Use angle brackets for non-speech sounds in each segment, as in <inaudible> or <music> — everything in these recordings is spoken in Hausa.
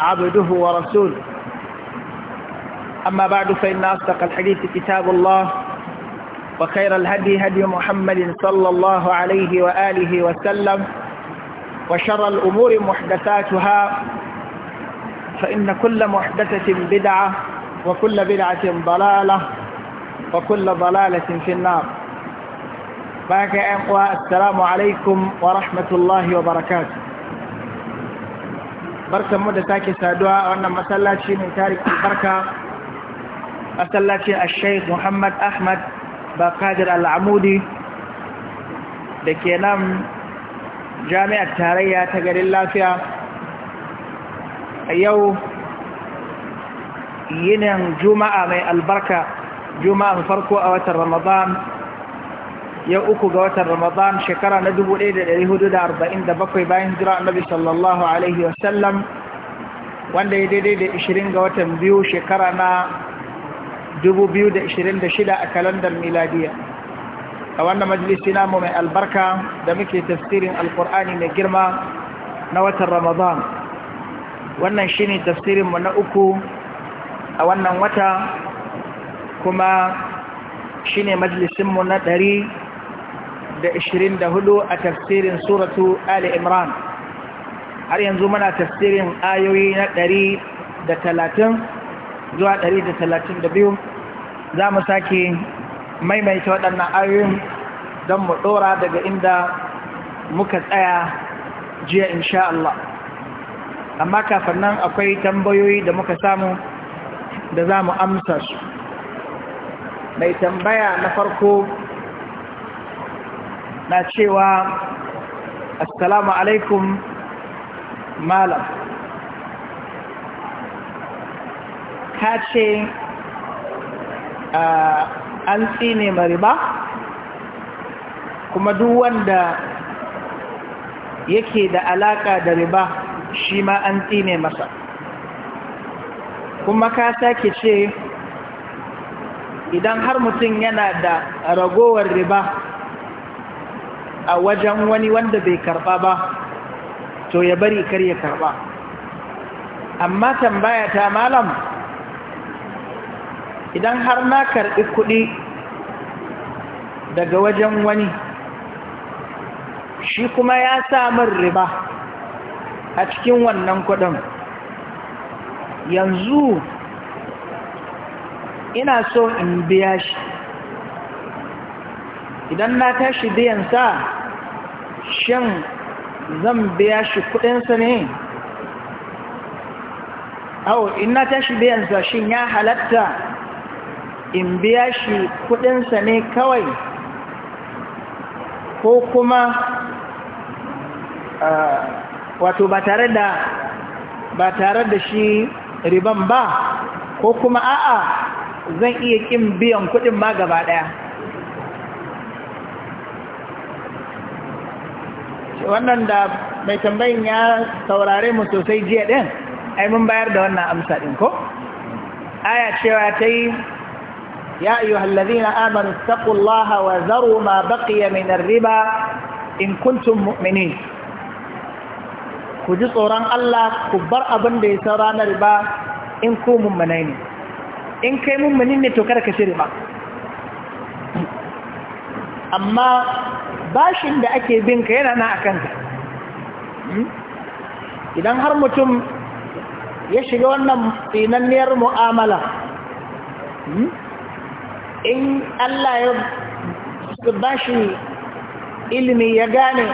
عبده ورسوله أما بعد فإن أصدق الحديث كتاب الله وخير الهدي هدي محمد صلى الله عليه وآله وسلم وشر الأمور محدثاتها فإن كل محدثة بدعة وكل بدعة ضلالة وكل ضلالة في النار باك السلام عليكم ورحمة الله وبركاته barkan mu da sake saduwa a wannan masallaci mai tarik albarka masallacin a sheikh muhammad ahmad bakajir al'amudi da ke nan jami'ar tarayya ta garin lafiya a yau yinin juma'a mai albarka juma'an farko a watan ramadan yau uku ga watan ramadan shekara na 1447 bayan jira annabi sallallahu alaihi wasallam wanda ya daidai da 20 ga watan biyu shekara na 2026 a kalandar miladiya a wannan majalisi namu mai albarka da muke tafsirin alkur'ani mai girma na watan ramadan wannan shine tafsirinmu na uku a wannan wata kuma shine majalisinmu na ɗari. da ishirin da hudu a tafsirin suratu Ali Imran har yanzu muna tafsirin ayoyi na ɗari da talatin zuwa ɗari da talatin da biyu za mu sake maimaita waɗannan ayoyin don mu ɗora daga inda muka tsaya jiya insha Allah amma kafin nan akwai tambayoyi da muka samu da za mu amsa su mai tambaya na farko na cewa assalamu alaikum malam ka ce an tsine mariba kuma duk wanda yake da alaka da riba shi ma an tsine masa kuma ka sake ce idan har mutum yana da ragowar riba a wajen wani wanda bai karɓa ba to ya bari kar ya karɓa amma tambaya ta malam idan har na karɓi kuɗi daga wajen wani shi kuma ya samun riba a cikin wannan kuɗin yanzu ina so in biya shi idan na tashi biyan sa shan zan biya shi kudinsa ne au ina tashi biyansa shin ya halatta in biya shi kudinsa ne kawai ko kuma wato ba tare da ba tare da shi riban ba ko kuma a'a zan iya kin biyan kudin ma gaba daya wannan da mai tambayin ya saurare mu sosai jiya ɗin ai mun bayar da wannan amsa ɗin ko aya cewa ta yi ya iya hallazi na wa zaro ma baƙiya mai riba in kuntun mu'mini ku ji tsoron Allah ku bar abin da ya saura na riba in ku mummunai ne in kai mummuni ne to kada ka riba amma bashin da ake bin ka yana na a kanka hmm? idan har mutum ya shiga wannan tsinanniyar mu'amala hmm? in Allah ya bashi ilimi ya gane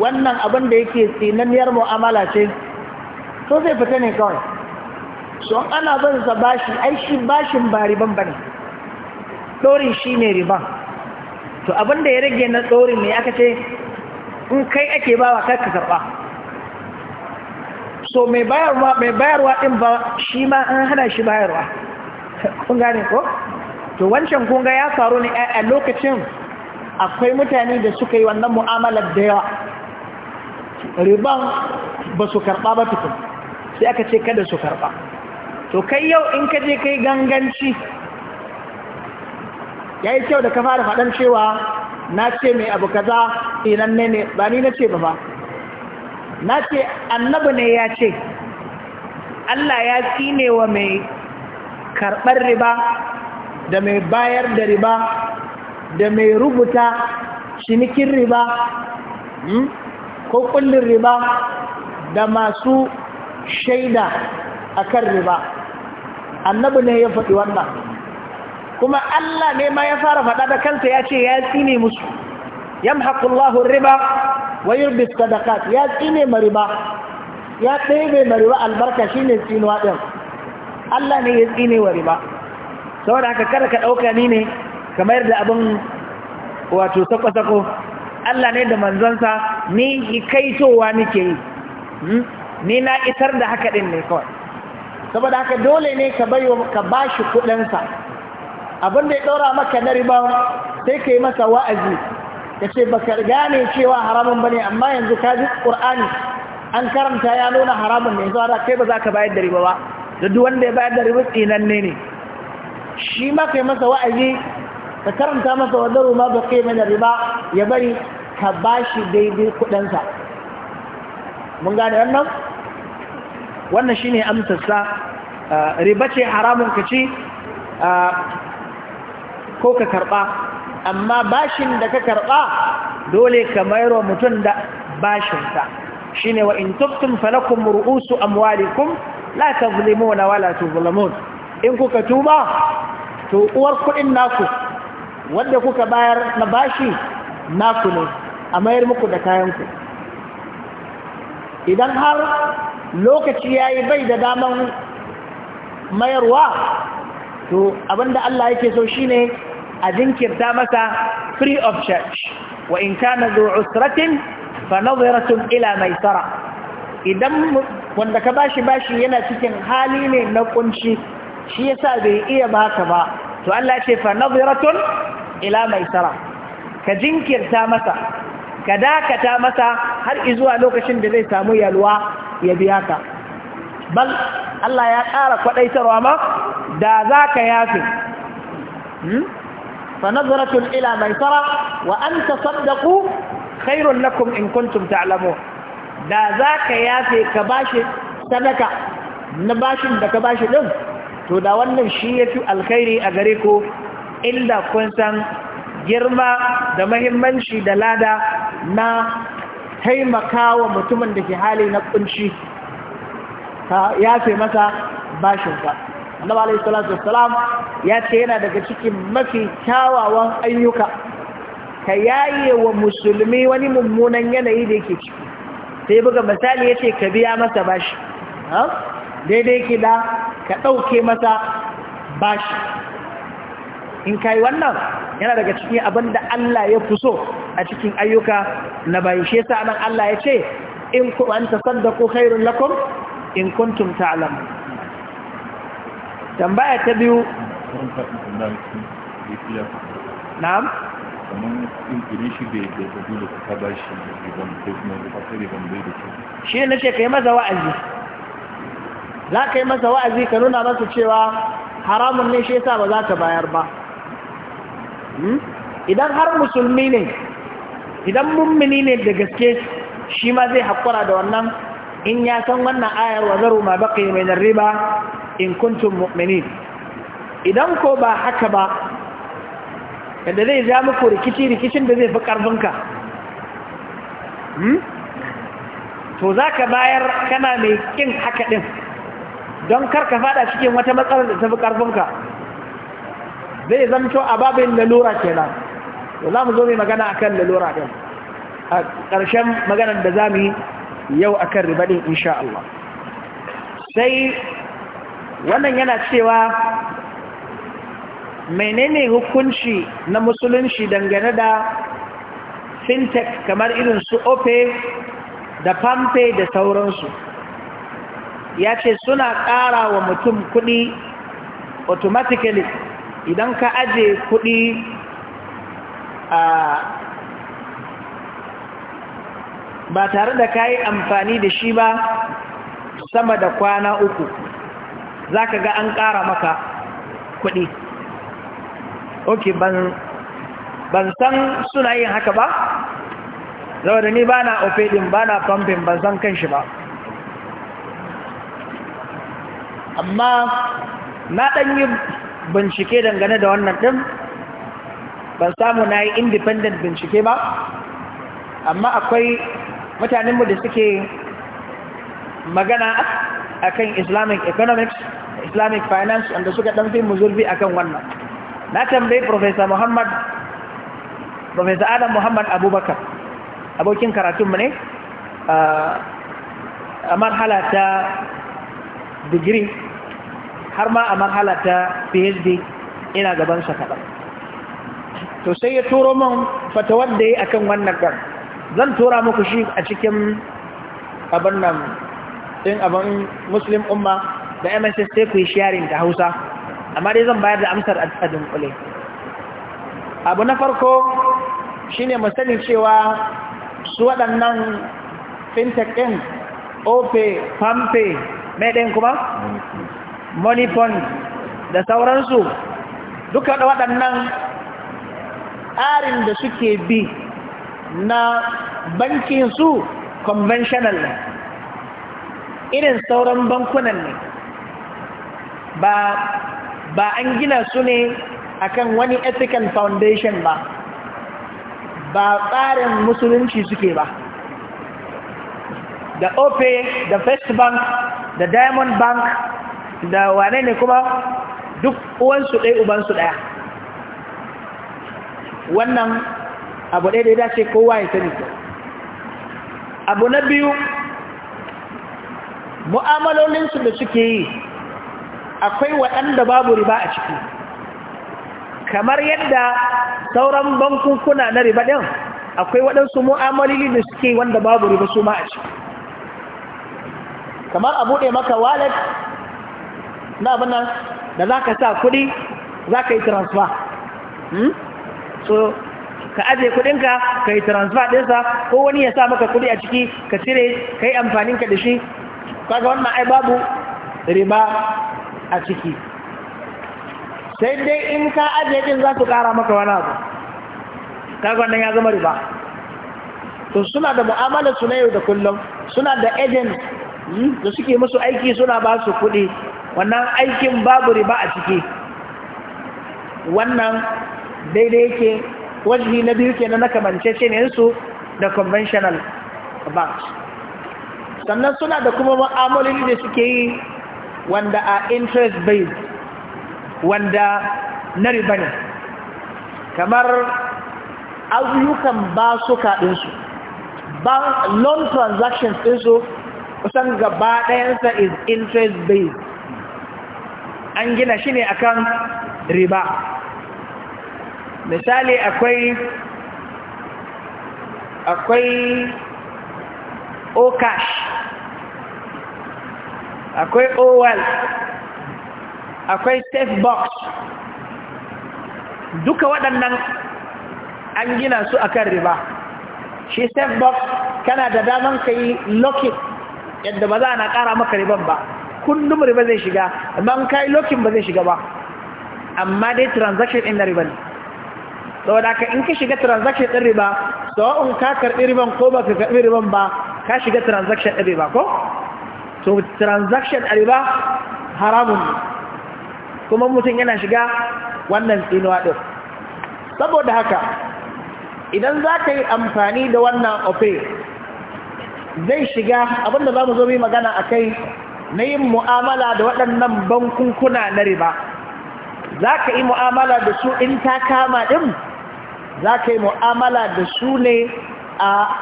wannan abin da yake tsinanniyar mu'amala ce to zai fita ne kawai so ana bin sa bashi ai bashin ba riban bane dorin shi ne riban to abinda ya rage na tsorin ne aka ce in kai ake bawa kai ka karba? so mai bayarwa mai bayarwa din ba shi ma an hana shi bayarwa <laughs> kun gane ko to wancan kun ga ya faru ne a lokacin akwai mutane da suka yi wannan mu'amalar da yawa riban ba su karɓa ba tukun sai aka ce kada su karɓa to kai yau in ka je kai ganganci ya yi kyau da ka fara faɗan cewa na ce mai abu kaza inan ne ne ba ni na ce ba ba na ce annabi ne ya ce Allah ya tsine wa mai karɓar riba da mai bayar da riba da mai rubuta cinikin riba hmm, ko kullin riba da masu shaida a kan riba annabi ne ya faɗi wannan kuma Allah ne ma ya fara faɗa da kansa ya ce ya tsine musu yamhaqullahu riba wa yurbi sadaqat ya tsine riba, ya ɗebe riba albarka shine tsinuwa din Allah ne ya tsine wa riba saboda haka kada ka ɗauka ni ne kamar da abin wato sako-sako Allah ne da manzansa ni hikaitowa nake yi hmm? ni na isar da haka ɗin ne kawai saboda haka dole ne ka bashi kuɗinsa abin da ya ɗaura maka na riba sai ka yi masa wa'azi ka ce ba ka gane cewa haramun ba ne amma yanzu ka ji ƙur'ani an karanta ya nuna haramun ne zuwa da kai ba za ka bayar da riba ba da duk wanda ya bayar da riba tsinanne ne shi ma ka yi masa wa'azi ka karanta masa wadda ruma ba kai mana riba ya bari ka ba shi daidai kuɗinsa mun gane wannan wannan shine amsarsa riba ce haramun ka ci ko ka karɓa amma bashin da ka karɓa dole ka mayar wa mutum da bashinsa shi ne wa in tuftum falakun ru'usu amwalikum la tazlimuna wala tuzlamun in kuka tuba to uwar kuɗin naku wanda kuka bayar na bashi naku ne a mayar muku da kayanku idan har lokaci ya yi bai da daman mayarwa to abinda Allah yake so shine a jinkirta masa free of charge wa in kana zu usratin fa nadhiratun ila idan wanda ka bashi bashi yana cikin hali ne na kunci shi yasa bai iya baka ba to Allah ya ce fa nadhiratun ila maisara ka jinkirta masa ka dakata masa har izuwa lokacin da zai samu yalwa ya biya ka bal Allah ya ƙara kwadaitarwa ma da za ka yafe hmm? فنظرة إلى ميسرة وأن تصدقوا خير لكم إن كنتم تعلمون da za ka yafe ka bashi sadaka na bashin da ka bashi ɗin to da wannan shi ya fi alkhairi a gare ku inda kun san girma da mahimmanci da lada na taimakawa mutumin da ke hali na kunshi ka yafe masa bashinsa annabi alaihi salatu wassalam ya ce yana daga cikin mafi kyawawan ayyuka ka yaye wa musulmi wani mummunan yanayi da yake ciki sai buga misali ya ce ka biya masa bashi daidai ke da ka ɗauke masa bashi in ka yi wannan yana daga cikin abin da Allah ya fi so a cikin ayyuka na bayi shi nan Allah ya ce in ku an tasaddaqu khairul lakum in kuntum ta'lamun tambaya ta biyu na'am shi na ce ka yi maza wa'azi za ka yi masa wa'azi ka nuna masa cewa haramun ne shi yasa ba za ka bayar ba hmm? idan har musulmi ne idan mummini ne da gaske shi ma zai haƙura da wannan in ya san wannan ayar wa zaru ma baƙi mai riba in kuntum mu'minin idan ko ba haka ba yadda zai ja muku rikici rikicin da zai fi ƙarfinka hmm? to za ka bayar kana mai ƙin haka ɗin don karka fada cikin wata matsalar da ta fi ƙarfinka zai zamto a babin lalura kenan to za mu zo mai magana akan lalura ɗin a ƙarshen maganar da za mu yi yau akan ribaɗin ɗin, Allah sai wannan yana cewa menene hukunci na musulunci dangane da fintech kamar irin su ofe da pampe da sauransu ya ce suna ƙara wa mutum kuɗi automatically idan ka aje kuɗi a ba tare da kayi amfani da shi ba sama da kwana uku za ka ga an ƙara maka kuɗi ok ban san suna yin haka ba zaune da ni ba na ofedin ba na famfin ban san kan shi ba amma na ɗanyi bincike dangane da wannan ɗin ban samu na yi independent bincike ba amma akwai mutanenmu da suke magana akan islamic economics islamic finance wanda suka ɗan fi muzurbi a kan wannan na tambayi professor muhammad professor adam muhammad abubakar abokin karatunmu ne a marhala ta digiri har ma a marhala ta phd ina gabansa kaɗan to sai ya turo min fatawar da ya akan wannan ɗan zan tura muku shi a cikin abin nan ɗin abin muslim umma da mss sai ku yi sharing da hausa amma dai zan bayar da amsar a dunkule abu na farko shine mu sani cewa su waɗannan fintech ɗin ope pampe mai ɗin kuma moneyfund da sauransu duka waɗannan tsarin da suke bi na bankin su conventional ne irin sauran bankunan ne ba ba an gina su ne akan wani ethical foundation ba ba tsarin musulunci suke ba da ofe da first bank da diamond bank da wane ne kuma duk uwansu ɗai ubansu ɗaya wannan abu ɗai da ya dace kowa ya sani abu na biyu mu'amalolinsu da suke yi akwai waɗanda babu riba a ciki kamar yadda sauran kuna na riba ɗin akwai waɗansu mu'amalili da suke wanda babu riba su ma a ciki kamar a buɗe maka wallet na abin nan da za ka sa kuɗi za ka yi transfer hmm? so ka aje kuɗinka ka yi transfer ɗinsa ko wani ya sa maka kuɗi a ciki ka cire ka yi amfaninka da shi kaga wannan ai babu riba a ciki sai dai in ka ajiye din za su ƙara maka wani abu kaga wannan ya zama riba to suna da mu'amala su na yau da kullum suna da agent hmm, da suke musu aiki suna ba su kuɗi wannan aikin babu riba a ciki wannan daidai yake wajihi na biyu ke na kamanceceniyar su da conventional banks sannan suna da kuma ma'amaloli da suke yi wanda a interest base, wanda na riba ne kamar ayyukan ba su kaɗinsu ba loan transactions ɗinsu kusan gaba ɗayansa is interest base. an gina shi ne akan riba misali akwai akwai o oh cash akwai owal akwai safe box duka waɗannan an gina su akan riba shi safe box kana da daman ka yi lokin yadda ba za na ƙara maka riban ba kundin riba zai shiga amma ka yi lokin ba zai shiga ba amma dai transaction ɗin na riba ne da ka in ka shiga transaction ɗin riba in ka karɓi riban ko ba ka karɓi riban ba ka shiga transaction ɗin riba ko so transaction a riba haramun kuma mutum yana shiga wannan tsinuwa ɗin saboda haka idan za ka yi amfani da wannan ofe zai shiga abinda za mu zo bi magana a kai na yin mu'amala da waɗannan bankunkuna na riba za ka yi mu'amala da su in ta kama ɗin za ka yi mu'amala da su ne a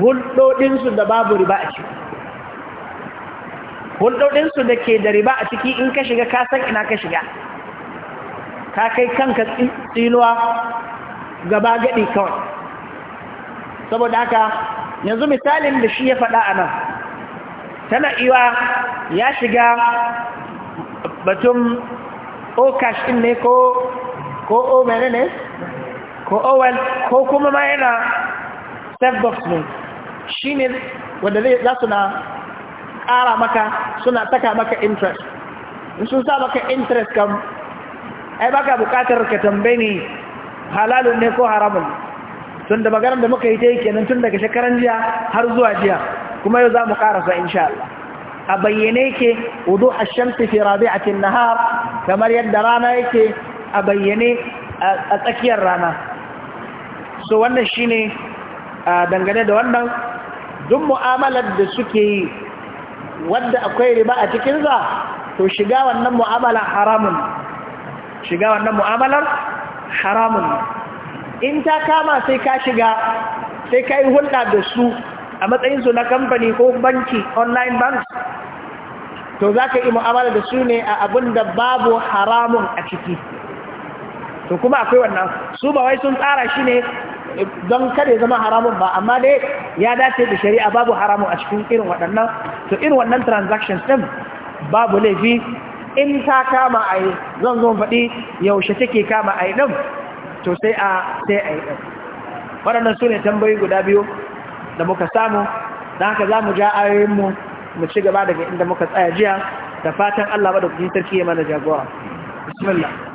hulɗoɗinsu da babu riba a ciki hulɗoɗinsu da ke da riba a ciki in ka shiga kasan ina ka shiga ka kai kanka tsinuwa gaba gaɗi kawai saboda haka yanzu misalin da shi ya faɗa a nan tana iwa ya shiga batun o cash ɗin ne ko o mene ne ko owel ko kuma ma yana step box ne shi ne wadda zai zasu na Kara maka suna saka maka interest in sun sa maka interest kam ai baka buƙatar ka tambayi ni halalun ne ko haramun tun da maganar da muka yi ta yi kenan tun daga shekaran jiya har zuwa jiya kuma yau za mu karasa insha Allah a bayyane yake wudu a shamsi fi rabi'atin nahar kamar yadda rana yake a bayyane a tsakiyar rana so wannan shine dangane da wannan duk mu'amalar da suke yi wadda akwai riba a cikinsa to shiga wannan mu'amala haramun shiga wannan mu'amalar haramun in ta kama sai ka shiga sai ka yi hulɗa da su a matsayinsu na kamfani ko banki online bank to za ka yi mu'amala da su ne a abin da babu haramun a ciki to kuma akwai wannan su ba wai sun tsara shi ne don kada ya zama haramun ba amma dai ya dace da shari'a babu haramun a cikin irin waɗannan to irin wannan transactions ɗin babu laifi in ta kama a yi zan zo faɗi yaushe take kama a yi ɗin to sai a sai a yi ɗin waɗannan su ne tambayi guda biyu da muka samu don haka za mu ja ayoyinmu mu ci gaba daga inda muka tsaya jiya da fatan Allah kujin sarki ya mana jagora bismillah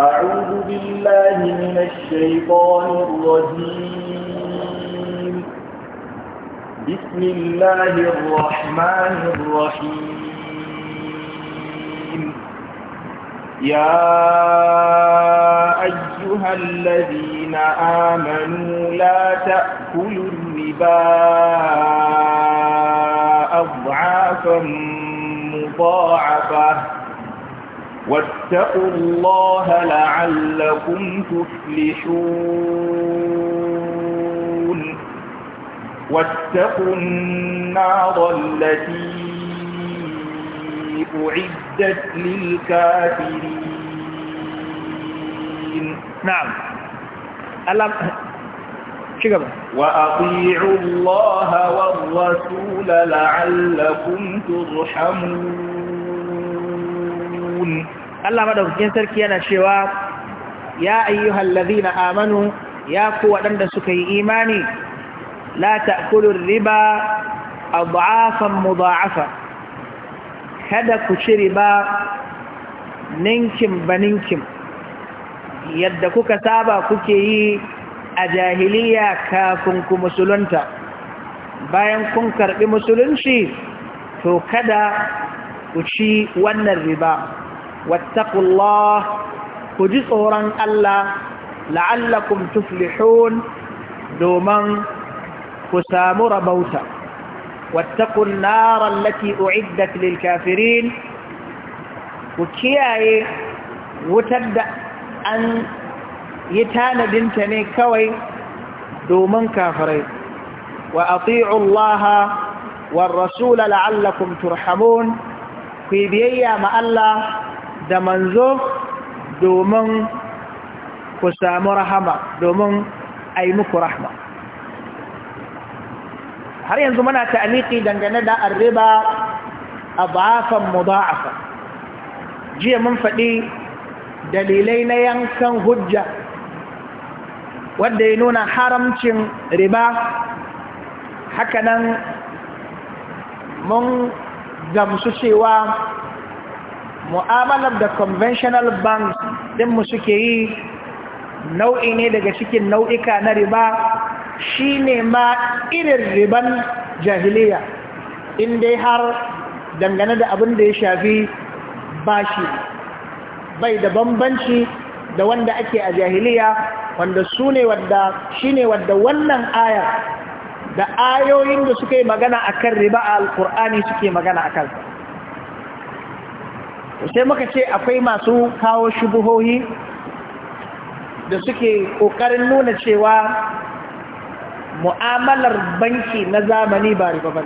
أعوذ بالله من الشيطان الرجيم بسم الله الرحمن الرحيم يا أيها الذين آمنوا لا تأكلوا الربا أضعافا مضاعفة واتقوا الله لعلكم تفلحون واتقوا النار التي أعدت للكافرين نعم ألم شكرا وأطيعوا الله والرسول لعلكم ترحمون ne Allah madaukakin sarki yana cewa ya ayyuhal ladina amanu ya ku wadanda suka yi imani la ta'kulu riba adhafan mudha'afa kada ku ci riba ninkin baninkin yadda kuka saba kuke yi a jahiliya kafin ku musulunta bayan kun karɓi musulunci to kada ku ci wannan riba واتقوا الله كجسورا ألا لعلكم تفلحون دوما كسامر بوتا واتقوا النار التي أعدت للكافرين وكياي وتبدأ أن يتانى دنتني كوي دوما كافرين وأطيعوا الله والرسول لعلكم ترحمون في بيئة مع الله da manzo domin ku samu rahama domin a yi muku rahama har yanzu muna aliki dangane da arriba a ba'afan muda'afa jiya mun faɗi dalilai na yankan hujja wadda ya nuna haramcin riba hakanan mun gamsu cewa mu'amalar da conventional banks mu suke yi nau'i ne daga cikin nau'ika na riba shi ne ma irin riban jahiliya dai har dangane da abin da ya shafi bashi bai da bambanci da wanda ake a jahiliya wanda su ne wadda shi ne wadda wannan aya da ayoyin da suka yi magana kan riba a alkur'ani suke magana a kansa sai muka ce akwai masu kawo shubuhohi da suke ƙoƙarin nuna cewa mu'amalar banki na zamani ba riba ba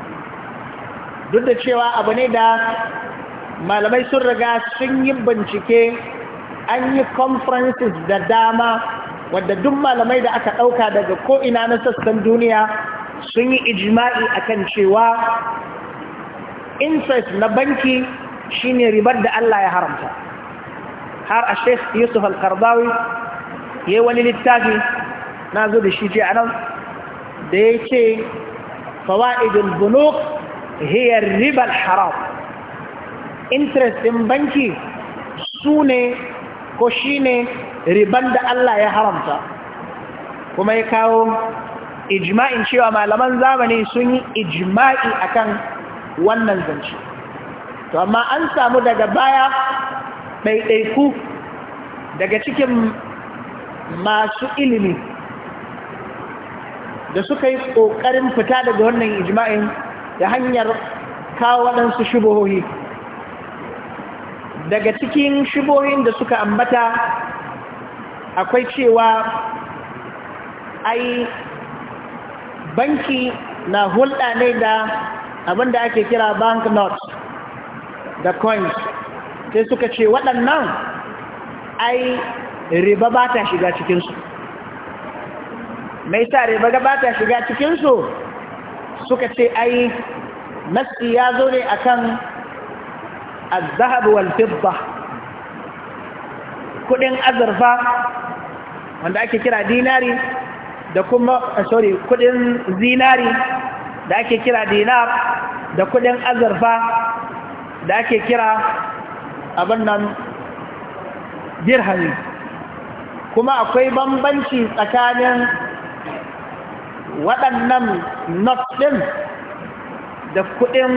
duk da cewa abu ne da malamai sun riga sun yi bincike an yi conferences da dama wadda duk malamai da aka ɗauka daga ko'ina na sassan duniya sun yi ijima'i akan cewa interest na banki shine ribar da Allah ya haramta har a sheikh yusuf al ya yi wani littafi na zo da shi ce a nan da ya ce fawa'idul bunuk hiyar ribar haram interest ɗin banki su ne ko shi ne riban da Allah ya haramta kuma ya kawo ijma'in cewa malaman zamani sun yi ijma'i akan wannan zance to amma an samu daga baya ɗaiɗaiku daga cikin masu ilimi da suka yi ƙoƙarin fita daga wannan ijma'in da hanyar kawo waɗansu shubohohi daga cikin shubohin da suka ambata akwai cewa ai banki na hulɗa ne da abinda ake kira bank notes da coins sai suka ce waɗannan ai riba ba ta shiga cikinsu mai sa riba ba ta shiga cikinsu suka ce ai nasi ya zo ne a kan azahabu walfibba kudin azurfa wanda ake kira dinari da kuma eh, sorry kudin zinari da ake kira dinar da kudin azurfa da ake kira abin nan birhani kuma akwai bambanci tsakanin waɗannan nufin ɗin da kuɗin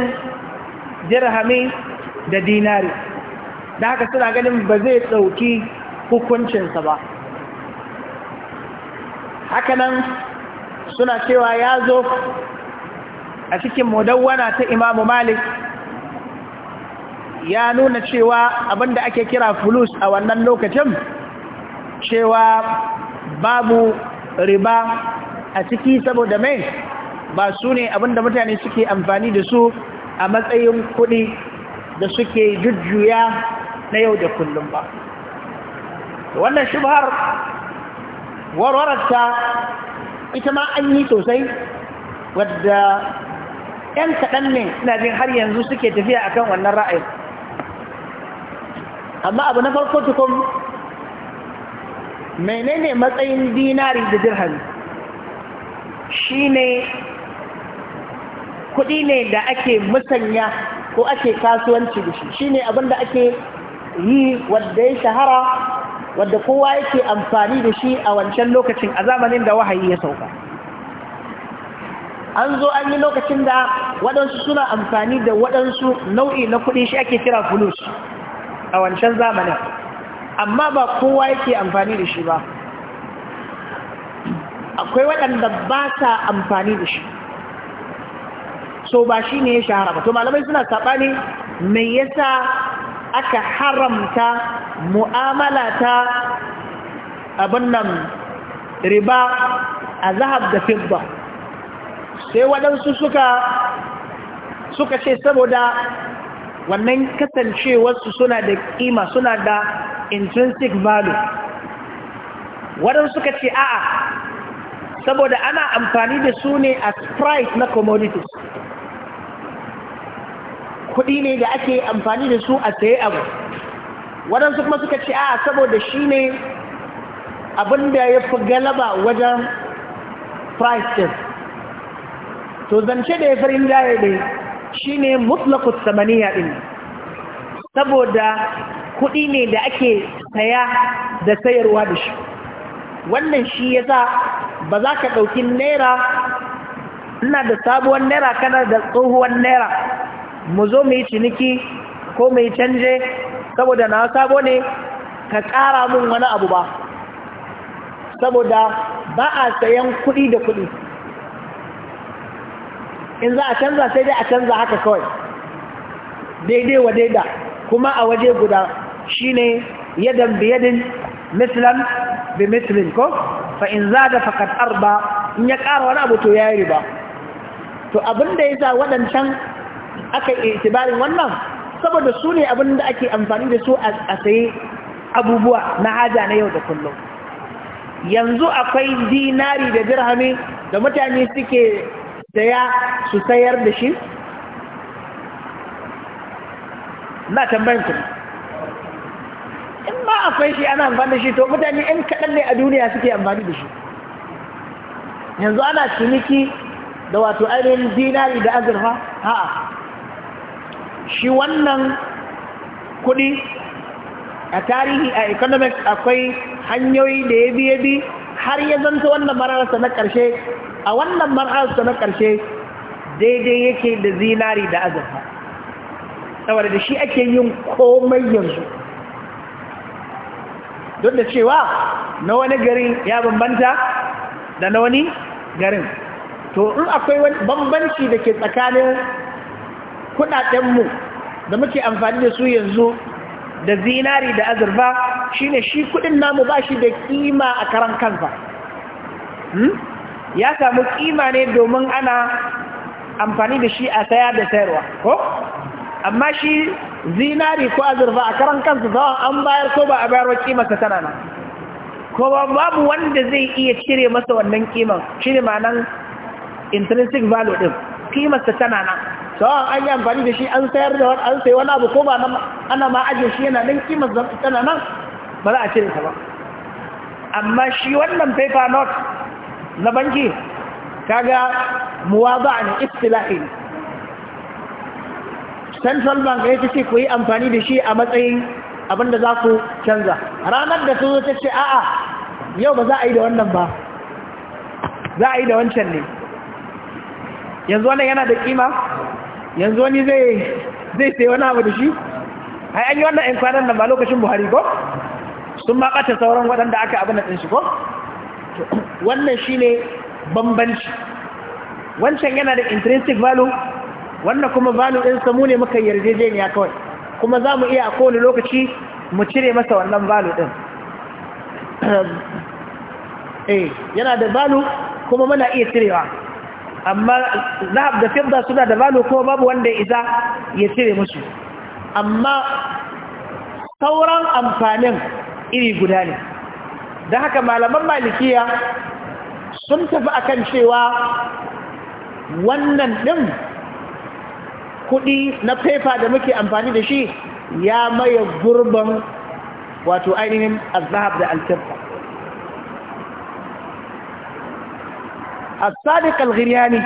dirhami da dinari da haka suna ganin ba zai ɗauki hukuncinsa ba hakanan suna cewa ya zo a cikin mudawwana ta imamu malik ya nuna cewa abinda ake kira fulus a wannan lokacin cewa babu riba a ciki saboda mai ba su ne abinda mutane suke amfani da su a matsayin kuɗi da suke jujjuya na yau da kullum ba wannan shubhar warwararta ita ma an yi sosai wadda ‘yan kaɗan ne suna jin har yanzu suke tafiya akan wannan ra'ayi amma abu na farko tukun menene matsayin dinari da shi ne kuɗi ne da ake musanya ko ake kasuwanci da shi shi abin da ake yi wadda ya shahara wadda kowa yake amfani da shi a wancan lokacin a zamanin da wahayi ya sauka an zo an yi lokacin da waɗansu suna amfani da waɗansu nau'i na kuɗi shi ake kira fulus a wancan zamanin amma ba kowa yake amfani da shi ba akwai waɗanda ba ta amfani da shi so ba shi ne ya shahara ba to malamai suna saɓani mai yasa aka haramta mu'amala ta abin nan riba a zahab da fibba sai waɗansu suka suka ce saboda wannan kasancewarsu suna da kima suna da intrinsic value waɗansu suka ce a'a saboda ana amfani da su ne as price na commodities kuɗi ne da ake amfani da su a saye abu waɗansu kuma suka ce a'a saboda shi ne abin da ya fi galaba wajen price ɗin to zance da ya farin jaye dai Shi shine mutlakus samaniya ɗin saboda kuɗi ne da ake saya da sayarwa da shi wannan shi ya yasa ba za ka ɗauki naira ina da sabuwar naira kana da tsohuwar naira mu zo muyi ciniki ko mai canje saboda na sabo ne ka ƙara mun wani abu ba saboda ba a sayan kuɗi da kuɗi in za a canza sai dai a canza haka kawai daidai wa daida kuma a waje guda shine yadan biyadin mislan bi mislin ko fa in zada faqad arba in ya ƙara wani abu to yayi riba to abinda yasa waɗancan aka itibarin wannan saboda su ne da ake amfani da su a saye abubuwa na haja na yau da kullum yanzu akwai dinari da dirhami da mutane suke daya su sayar da shi na tambayin ku in ma akwai shi ana amfani da shi to mutane in kaɗan ne a duniya suke amfani da shi yanzu ana ciniki da wato ainihin dinari da azurfa a'a shi wannan kuɗi a tarihi a economics akwai hanyoyi da ya biye bi har ya zanta wannan mararsa na ƙarshe a wannan mar'arsa na ƙarshe daidai yake da zinari da azurfa saboda da shi ake yin komai yanzu don da cewa na wani gari ya bambanta da na wani garin to in akwai bambanci da ke tsakanin kudadenmu da muke amfani da su yanzu da zinari da azurfa shine shi kudin namu ba shi da kima a karan kansa hmm? ya samu kima ne domin ana amfani da shi a saya da sayarwa ko amma shi zinari ko azurfa a karan kansu zawon an bayar ko ba a bayar wa kimarsa tana nan ko babu wanda zai iya cire masa wannan kiman, shi ne ma'anan intrinsic value din kimarsa tana nan zawon an yi amfani da shi an sayar da an sayi wani abu ko ba ana ma ajiye shi yana nan kimarsa tana nan ba za a cire ta ba amma shi wannan paper note na banki kaga muwaba ne istilahi central bank ya ce ku yi amfani da shi a matsayin abinda za ku canza ranar da su ta ce a'a yau ba za a yi da wannan ba za a yi da wancan ne yanzu wannan yana da kima yanzu wani zai zai sai wani abu da shi ai an yi wannan 'yan kwanan nan ba lokacin buhari ko sun ma ɓata sauran waɗanda aka abin da ɗin shi ko wannan shine bambanci wancan yana da intrinsic value wannan kuma value din samu ne muka yarjejeniya kawai kuma za mu iya a kowane lokaci mu cire masa wannan value din eh, eh yana da value kuma muna iya cirewa amma zahab da fidda suna da value kuma babu wanda isa ya cire musu amma sauran amfanin iri guda ne da haka malaman malikiya sun tafi akan cewa wannan ɗin kuɗi na fefa da muke amfani da shi ya maye gurbin wato ainihin azahab da alkirka A sadiq al-ghiryani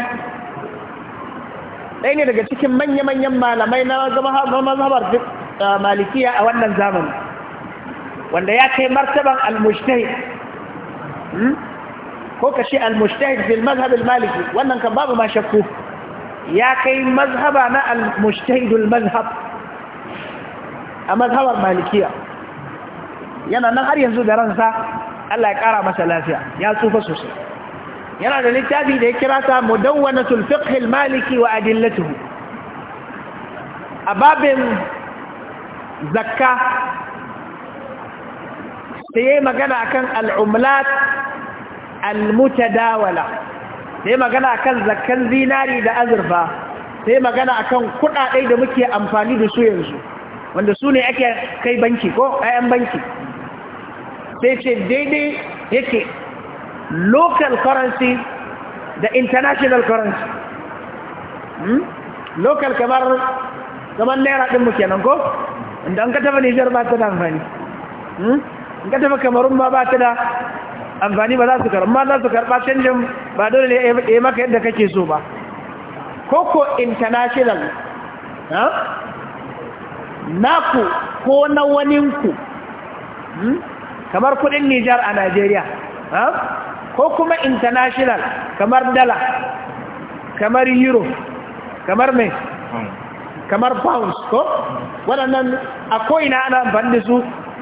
ɗaya ne daga cikin manya-manyan malamai na mazhabar eh, malikiya a wannan zamani wanda ya kai martaban al-mujtahid hmm? ko ka ce al bil mazhab maliki wannan kan babu ma shakku ya kai mazhaba na al-mujtahid a mazhabar malikiya yana nan har yanzu da ransa Allah ya kara masa lafiya ya tsufa sosai yana da littafi da ya kira ta mudawwanatul fiqh maliki wa adillatuhu a babin zakka sai yayi magana akan al'umlat al-mutadawala sai magana a kan zakkan zinari da azurfa sai magana a kan kuɗaɗe da muke amfani da su yanzu wanda su ne ake kai banki ko ayan banki sai ce daidai yake local currency da international currency hmm? local kamar kamar naira ɗin muke nan ko inda an ka taɓa nijar ba ta da amfani hmm? in ka tafi kamarun ma ba ta da amfani ba za su karɓa za su karɓa canjin ba dole ne ya maka yadda kake so ba koko international naku ko na waninku hmm? kamar kudin nijar a Najeriya ko kuma international kamar dala kamar euro kamar mai kamar pounds ko waɗannan a na ana amfani da su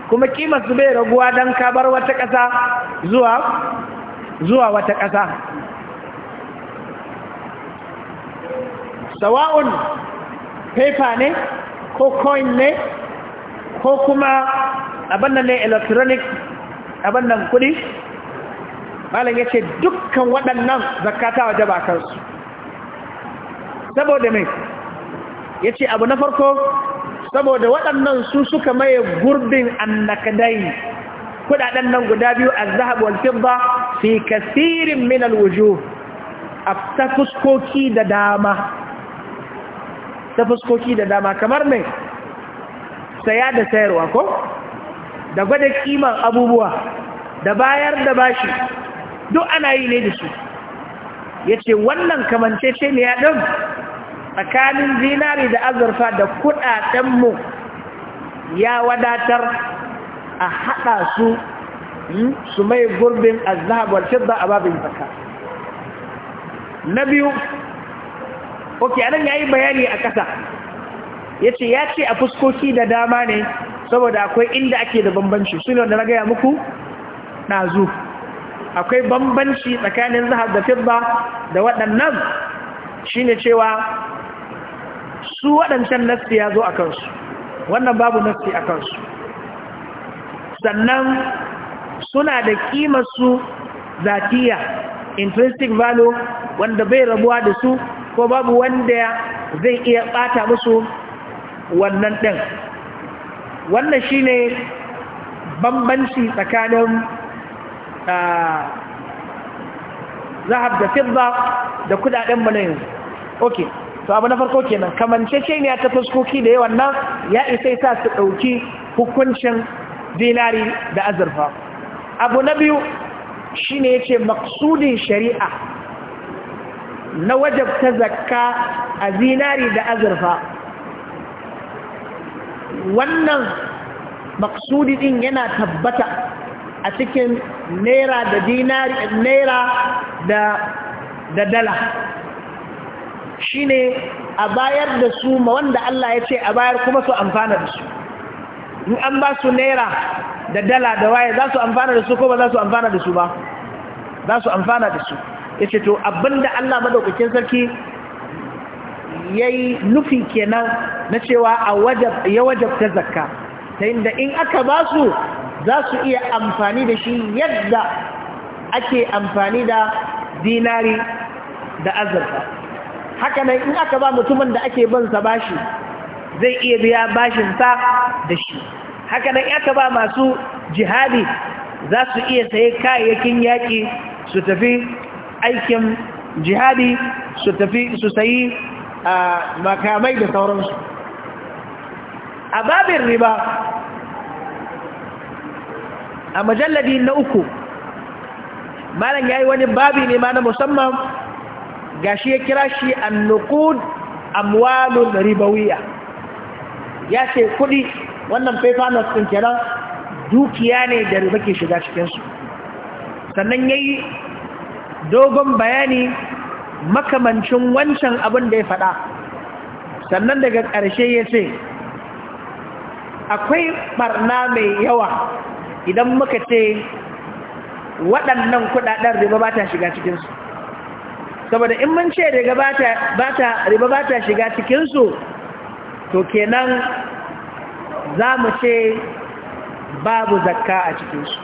kuma kimar su bai raguwa don kabar wata ƙasa zuwa zuwa wata ƙasa sawa'un pepa ne ko coin ne ko kuma abinnan ne electronic abinnan kudi malam ya ce dukkan waɗannan zakata wa ba kansu saboda mai ya ce abu na farko saboda waɗannan su suka maye gurbin annakadai kudaden nan guda biyu az-zahab wal fidda fi kaseerin min al-wujuh ta fuskoki da dama da dama kamar mai saya da sayarwa ko da gwada kiman abubuwa da bayar da bashi duk ana yi ne da su yace wannan kamancece ne ya ɗin tsakanin zinari da azurfa da kudadenmu ya wadatar a haɗa su hmm, su mai gurbin azhabar shidda a babin zaka na biyu ok anan ya yi bayani a ƙasa ya ce ya ce a fuskoki da dama ne saboda akwai inda ake da bambanci su ne wanda na gaya muku ɗazu akwai bambanci tsakanin zahab da fidda da waɗannan shine cewa su waɗancan nassi ya zo a kansu wannan babu nassi a kansu sannan suna da ƙimarsu zatiya intrinsic value wanda bai rabuwa da su ko babu wanda zai iya ɓata musu wannan ɗin wannan shi ne bambanci tsakanin zahab da fidda da kudaden mana yanzu ok to abu na farko kenan kamanceceniya ta fuskoki da yawan nan ya isa sa su ɗauki hukuncin dinari da azurfa abu na biyu shine yace maksudin shari'a na wajabta zakka a zinari da azurfa wannan maksudi din yana tabbata a cikin naira da dinari naira da da dala shine a bayar da su ma wanda Allah ya ce a bayar kuma su amfana da su in an ba su naira da dala da waye za su amfana da su ko ba za su amfana da su ba za su amfana da su ya ce to abinda Allah madaukakin sarki ya yi nufi kenan na cewa a ya wajabta zakka ta inda in aka ba su za su iya amfani da shi yadda ake amfani da dinari da azurfa haka nan in aka ba mutumin da ake bansa bashi zai iya biya bashin sa da shi haka nan in aka ba masu jihadi za su iya saye kayayyakin yaƙi su tafi aikin jihadi su tafi su sayi makamai da sauransu a babin riba a majalladi na uku malam ya yi wani babi ne ma na musamman gashi ya kira shi annukud amwalun ribawiya ya ce kudi wannan paper notes din kenan dukiya ne da riba ke shiga cikinsu sannan yayi dogon bayani makamancin wancan abin da ya faɗa sannan daga ƙarshe ya ce akwai ɓarna mai yawa idan muka ce waɗannan kuɗaɗen riba ba ta shiga cikinsu saboda in mun ce daga riba ba ta shiga cikinsu to kenan za mu ce babu zakka a cikinsu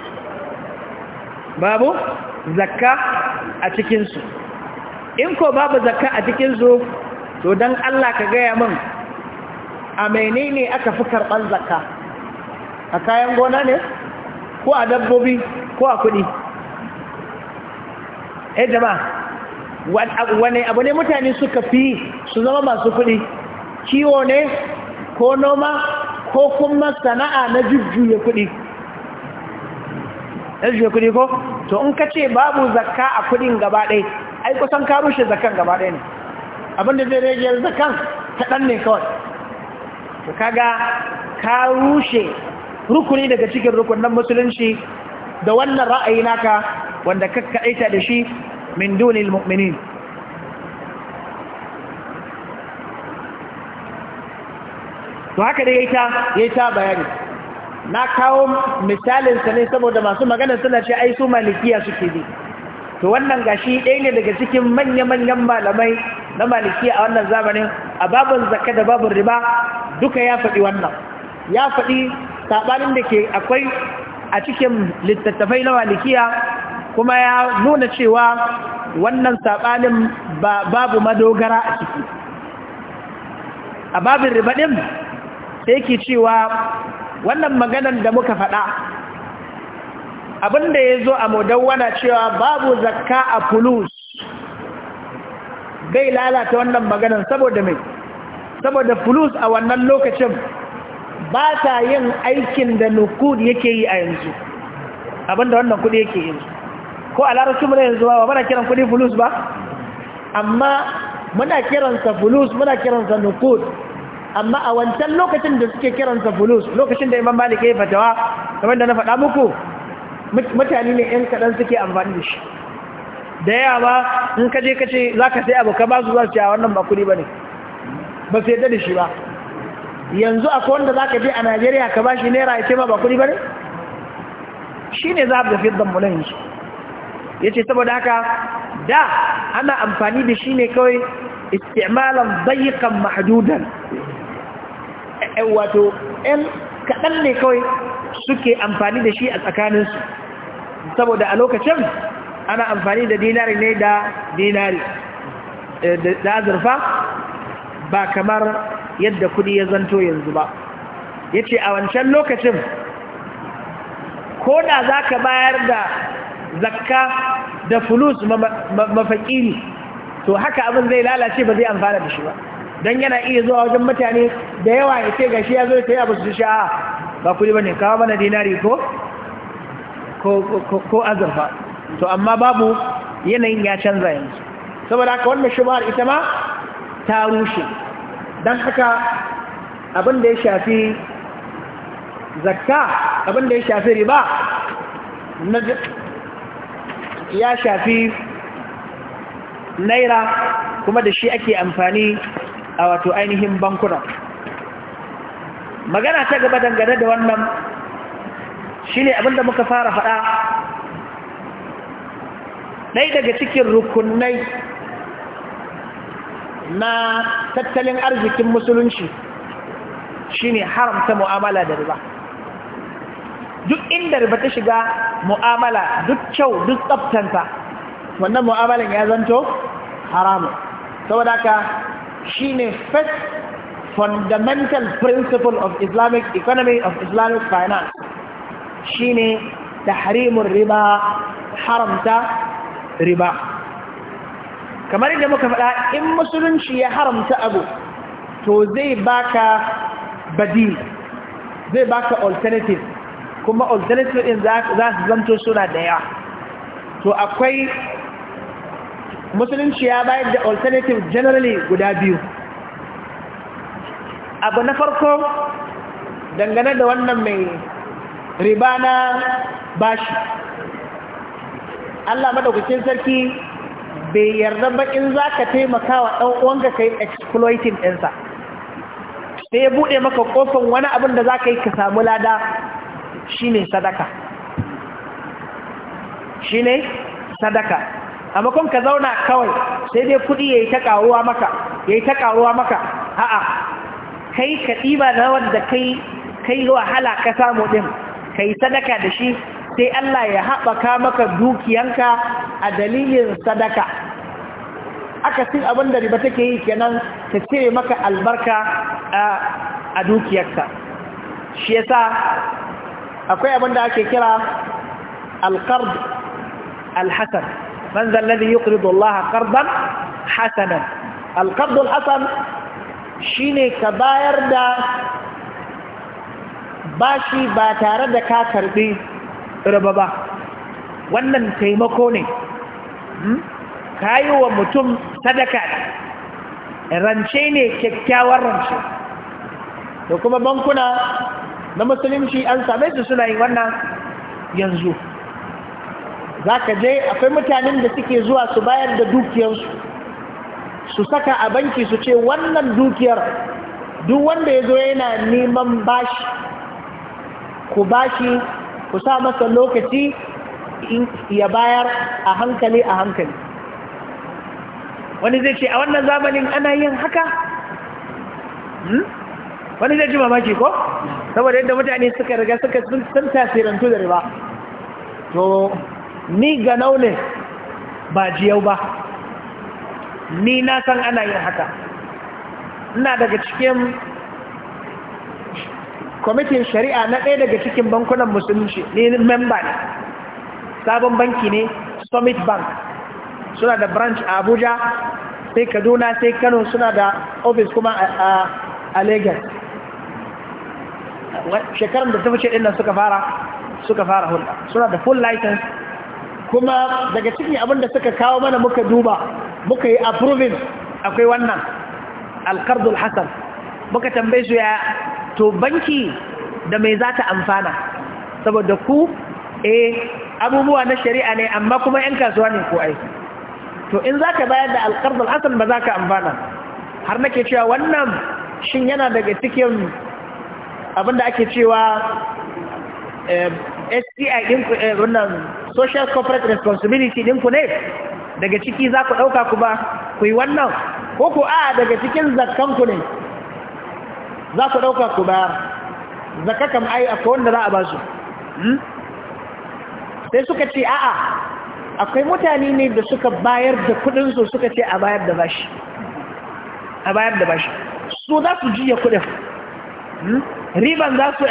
babu zakka a cikinsu in ko babu zakka a cikinsu to don Allah ka gaya min a menene aka fi karɓar zakka a kayan gona ne ko a dabbobi ko a kuɗi eh jama'a Wane abu ne mutane suka fi su zama masu kuɗi kiwo ne ko noma ko kuma sana'a na jujjuya kuɗi na jujjuya kuɗi ko to in ka ce babu zakka a kuɗin gaba ɗai ai kusan ka rushe zakkan gaba ɗai ne abinda zai rage zakkan kaɗan ne kawai to kaga ka rushe rukuni daga cikin rukunan musulunci da wannan ra'ayi naka wanda aita da shi من دون mu'minin to haka da ya yi ta bayani na kawo misalinsa ne saboda masu magana suna ce ai su malikiya suke bi to wannan gashi ɗaya ne daga cikin manya-manyan malamai na malikiya a wannan zamanin a babun zakka da babun riba duka ya faɗi wannan ya faɗi saɓanin da ke akwai a cikin littattafai na malikiya kuma ya nuna cewa wannan saɓanin babu madogara a ciki a babin ribaɗin sai ke cewa wannan maganan da muka faɗa abinda ya zo a modawana cewa babu zakka a fulus bai lalata wannan maganan saboda mai saboda fulus a wannan lokacin ba ta yin aikin da nukud yake yi a yanzu abinda wannan kudi yake yanzu ko a larabci mana yanzu ba mana kiran kudi fulus ba amma muna kiransa fulus muna kiransa nukud amma a wancan lokacin da suke kiransa fulus lokacin da imam malik ya yi fatawa kamar da na faɗa muku mutane ne yan kaɗan suke amfani da shi da yawa in ka je ka ce za ka sai abu ka ba su za su a wannan ba kuɗi ba ne ba su yadda da shi ba yanzu akwai wanda za ka je a najeriya ka ba shi naira ya ce ma ba kuɗi ba ne shi ne za a fi dan mu shi. ya ce saboda haka da ana amfani da shi ne kawai istimalan bayikan mahdudan eh, eh, wato ‘yan kaɗan ne kawai suke amfani da shi a tsakaninsu saboda a lokacin ana amfani da dinari ne da dinari eh, da azurfa ba kamar yadda kudi ya zanto yanzu ba ya ce a wancan lokacin ko da za ka bayar da zakka da fulus mafaƙiri to haka abin zai lalace ba zai amfana da shi ba don yana iya zuwa wajen mutane da yawa ya ce gashi ya zo ta yi abu su sha'a ah, ba kuli ba ne kawo mana dinari ko ko azurfa to amma babu yanayin ya canza yanzu saboda haka wannan shubhar ita ma ta rushe don haka abin da ya shafi zakka abin da ya shafi riba ya shafi naira kuma da shi ake amfani a wato ainihin bankuna magana ta gaba dangane da wannan shi ne abinda muka fara faɗa ɗai daga cikin rukunai na tattalin arzikin musulunci shi ne haramta mu'amala da riba duk inda riba ta shiga mu'amala duk kyau duk tsaftanta wannan mu'amalan ya zanto haramu saboda haka shine first fundamental principle of islamic economy of islamic finance ta tahrimur riba haramta riba kamar yadda muka faɗa in musulunci ya haramta abu to zai baka badil zai baka alternative kuma alternative ɗin za su zanto suna da yawa to akwai musulunci ya bayar da alternative generally guda biyu abu na farko dangane da wannan mai riba na bashi Allah madaukakin sarki bai yarda ba in za ka taimaka wa ɗan'uwanka ka yi exploiting ɗinsa sai ya buɗe maka ƙofin wani abin da za ka yi ka samu lada shine sadaka shine sadaka amma kun ka zauna kawai sai dai kudi yayi ta karuwa maka yayi ta karuwa maka a'a kai ka diba na wanda kai kai wahala ka samu din kai sadaka da shi sai Allah ya haɓaka maka dukiyanka a dalilin sadaka aka sin abin da riba take yi kenan ta cire maka albarka a dukiyarka shi yasa akwai abin da ake kira alqard Alhassan, man zal ladhi yuqridu Allah qardan hasanan shine ka bayar da bashi ba tare da ka karbi riba ba wannan taimako ne hmm? kayi wa mutum sadaka rance ne kyakkyawar rance da kuma bankuna na musulunci an same su suna yin wannan yanzu za ka je akwai mutanen da suke zuwa su bayar da dukiyarsu su saka a banki su ce wannan dukiyar duk wanda ya zo yana neman bashi ku bashi ku sa masa lokaci ya bayar a hankali a hankali wani zai ce a wannan zamanin ana yin haka hmm? wani zai ji mamaki ko saboda yadda mutane suka riga suka sun tasirantu da riba to ni ga naune ba jiyau ba ni na san ana yin haka ina daga cikin kwamitin shari'a na ɗaya daga cikin bankunan musulunci ne memba ne sabon banki ne summit bank suna da branch a abuja sai kaduna sai kano suna da ofis kuma a Legas. shekaran da ta fice ɗin nan suka fara suka fara hulɗa suna da full license kuma daga cikin abin da suka kawo mana muka duba muka yi approving akwai wannan alkardul hasan muka tambaye su ya to banki da mai za ta amfana saboda ku eh abubuwa na shari'a ne amma kuma 'yan kasuwa ne ko aiki to in za ka bayar da alkardul hasan ba za ka amfana har nake cewa wannan shin yana daga cikin abinda ake cewa eh, SCI ɗinku eh, wannan social corporate responsibility ɗinku ne daga ciki za ku ɗauka ku ba ku yi wannan ko ku a daga cikin zakkanku ne za ku ɗauka ku ba zakka kam ai akwai wanda za a ba su hmm? sai suka ce a'a akwai mutane ne da suka bayar da kudinsu suka ce a bayar da bashi a bayar da bashi su za su jiya kudin hmm? riban za su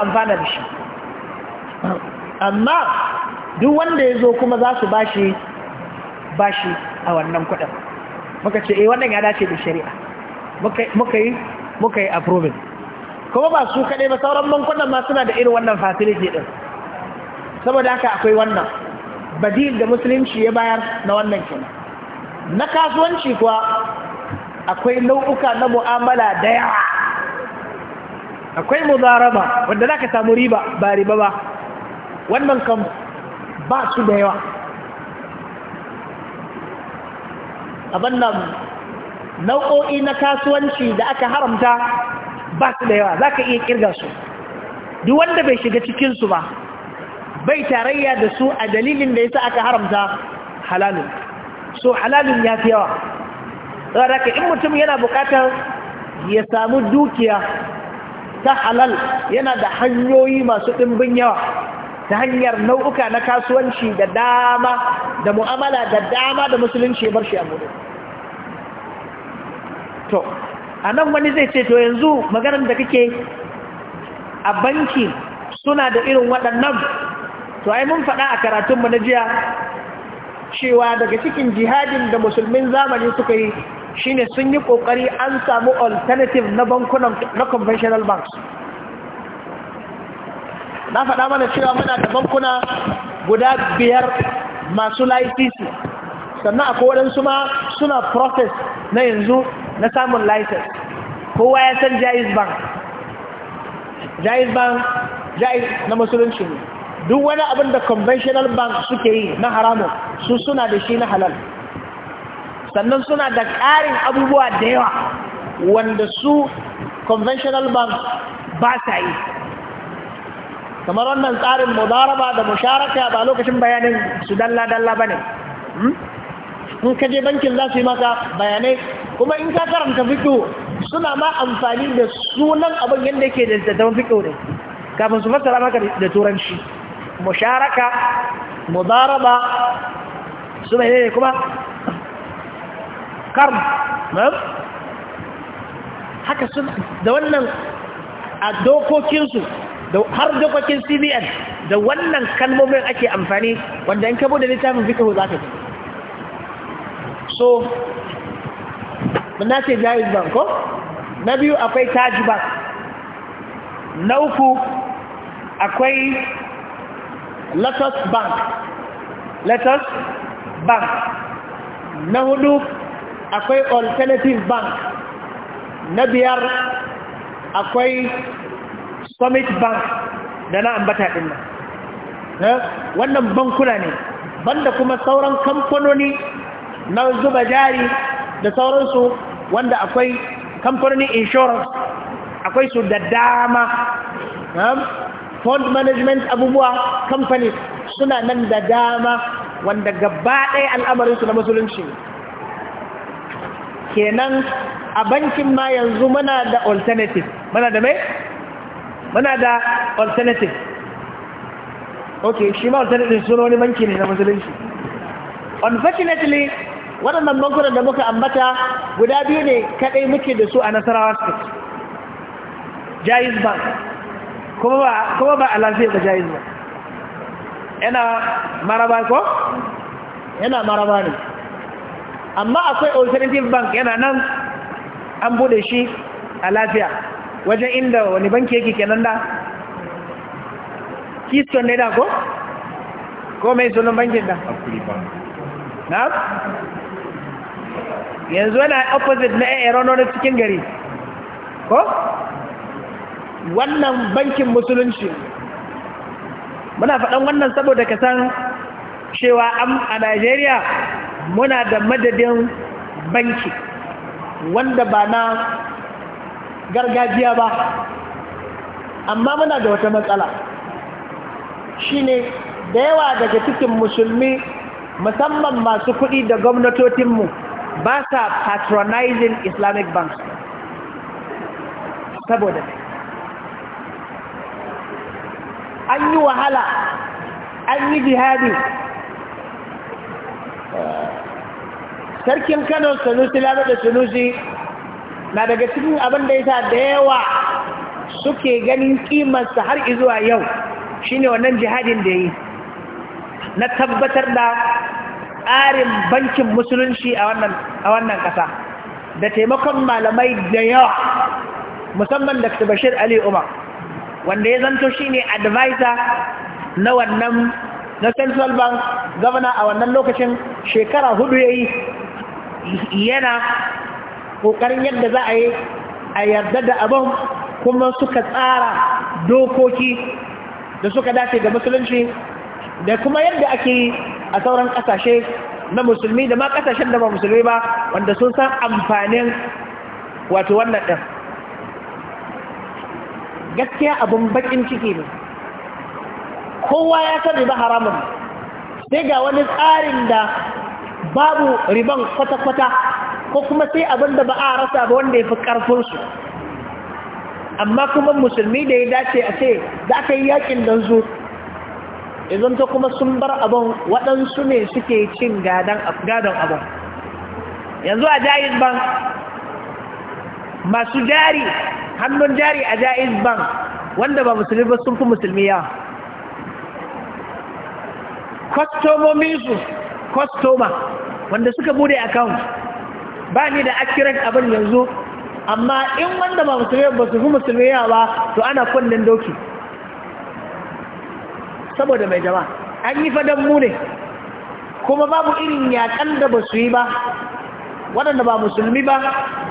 amfana da shi amma duk wanda ya zo kuma za su bashi bashi a wannan kudin muka ce eh wannan ya dace da shari'a muka yi muka yi approving kuma ba su kaɗai ba sauran bankunan ma suna da irin wannan facility din saboda haka akwai wannan badil da musulunci ya bayar na wannan kenan na kasuwanci kuwa akwai nau'uka na mu'amala da yawa akwai mudaraba wanda za ka samu riba ba riba ba wannan kan ba su da yawa abin nan nau'o'i na kasuwanci da aka haramta ba su da yawa za ka iya kirga su duk wanda bai shiga cikinsu ba bai tarayya da su a dalilin da yasa aka haramta halalun so halalun ya fi yawa saboda in mutum yana bukatar ya samu dukiya ta halal yana da hanyoyi masu ɗimbin yawa ta hanyar nau'uka na kasuwanci da dama da mu'amala da dama da musulunci bar shi a buɗe to a nan wani zai ce to yanzu maganar da kake a banki suna da irin waɗannan to ai mun faɗa a karatunmu na jiya cewa daga cikin jihadin da musulmin zamani suka yi shine sun yi kokari an samu alternative na bankunan na conventional banks na faɗa mana cewa muna da bankuna guda biyar masu license sannan akwai waɗansu ma suna process na yanzu na samun license kowa ya san jayis bank jayis bank jayis na musulunci ne duk wani abin da conventional bank suke yi na haramun su suna da shi na halal sannan suna da ƙarin abubuwa da yawa wanda su conventional banks ba sa yi kamar wannan tsarin mudaraba da musharaka ba lokacin bayanin su dalla-dalla ba ne hmm? in kaje bankin za su yi maka bayanai kuma in ka karanta fito suna ma amfani da sunan abin yadda ke da zazzabin fito ne kafin su fassara maka da turanci musharaka mudaraba su ne kuma karn haka sun da wannan a dokokinsu har dokokin cbn da wannan kalmomin ake amfani wanda in ka bude littafin fikahu za ka ji so na ce jari banko na biyu akwai taji bank na uku akwai lotus bank lotus bank na hudu akwai alternative bank na biyar akwai summit bank da na ambata din nan eh, wannan bankuna ne banda kuma sauran kamfanoni na zuba jari da sauransu wanda akwai kamfanonin insurance akwai su da dama eh, fund management abubuwa kamfani suna nan da dama wanda gaba al'amarinsu na musulunci kenan a bankin ma yanzu muna da alternative muna da mai? muna da alternative ok shi ma alternative suna wani banki ne na musulunci unfortunately waɗannan bankunan da muka ambata guda biyu ne kaɗai muke da su a nasarawa state jayis bank kuma ba a lafiya da jayis bank yana maraba ko? yana maraba ne amma akwai alternative bank yana nan an bude shi a lafiya wajen inda wani banki yake kenan da keystone ne da ko ko mai sunan bankin da na yanzu yana opposite na aerono na cikin gari ko wannan bankin musulunci muna faɗan wannan saboda ka san cewa a Najeriya muna da madadin banki wanda ba na gargajiya ba amma muna da wata matsala shine da yawa daga cikin musulmi musamman masu kuɗi da gwamnatocinmu ba sa patronizing islamic Bank saboda an yi wahala an yi jihadi sarkin kano sanusi lalo da sanusi na daga cikin abin da yasa da yawa suke ganin kimarsa har izuwa yau shine wannan jihadin da yi na tabbatar da tsarin bankin musulunci a wannan ƙasa da taimakon malamai da yawa musamman da bashir ali umar wanda ya zanto shine advisor na wannan na central bank governor a wannan lokacin shekara hudu ya yi yana ƙoƙarin yadda za a yi a yarda da abin kuma suka tsara dokoki da suka dace da musulunci da kuma yadda ake yi a sauran ƙasashe na musulmi da ma ƙasashen da ba musulmi ba wanda sun san amfanin wato wannan ɗin gaskiya abin baƙin ciki ne kowa ya sani ba haramun sai ga wani tsarin da babu riban kwata-kwata ko kuma sai abin da ba a rasa ba wanda ya fi ƙarfinsu amma kuma musulmi da ya dace a ce za ka yi yakin don zu idan ta kuma sun bar abin waɗansu ne suke cin gadon abin yanzu a jayis ban masu jari hannun jari a jayis ban wanda ba musulmi ba sun fi musulmi yawa su kwastoma wanda suka bude account ba ni da accurate abin yanzu amma in wanda ba musulmi ba su fi musulmi yawa to ana kunnen doki saboda mai jama'a an yi fadan mu ne kuma babu irin yakan da ba su yi ba waɗanda ba musulmi ba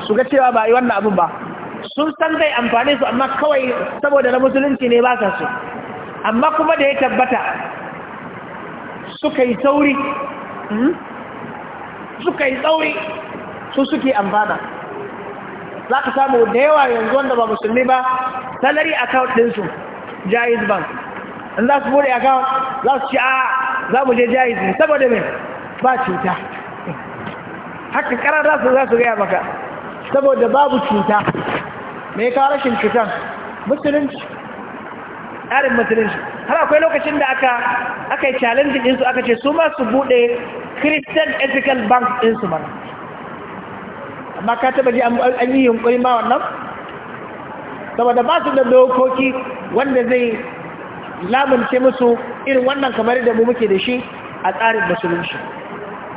su ga cewa ba yi wannan abin ba sun san zai amfani su amma kawai saboda na musulunci ne ba su amma kuma da ya tabbata suka yi sauri hmm? suka yi tsauri su suke amfana za ka samu da yawa yanzu wanda ba musulmi ba salari account ɗinsu jayiz bank in za su bude account za su ci a za mu je jayiz ne saboda mai ba cuta haka karar za su za su gaya maka saboda babu cuta mai kawo rashin cutan musulunci tsarin musulunci har akwai lokacin da aka aka yi challenge ɗinsu aka ce su ma su buɗe christian ethical bank ɗinsu mana amma ka taɓa ji an yi yunƙuri ma wannan saboda ba su da dokoki wanda zai lamunce musu irin wannan kamar da mu muke da shi a tsarin musulunci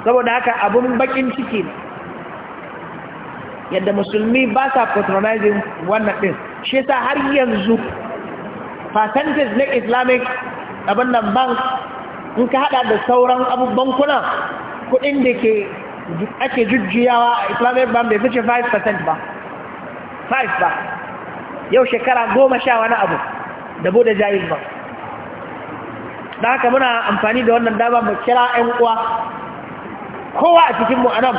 saboda haka abun bakin ciki ne yadda musulmi ba sa patronizing wannan ɗin shi yasa har yanzu percentage na islamic abin nan bank in ka hada da sauran abubuwan kuna kudin da ke ake jujjuyawa a islamic bank bai fice 5% ba 5 ba yau shekara goma sha wani abu da bude jayil ba da haka muna amfani da wannan dama mu kira 'yan uwa kowa a cikinmu a nan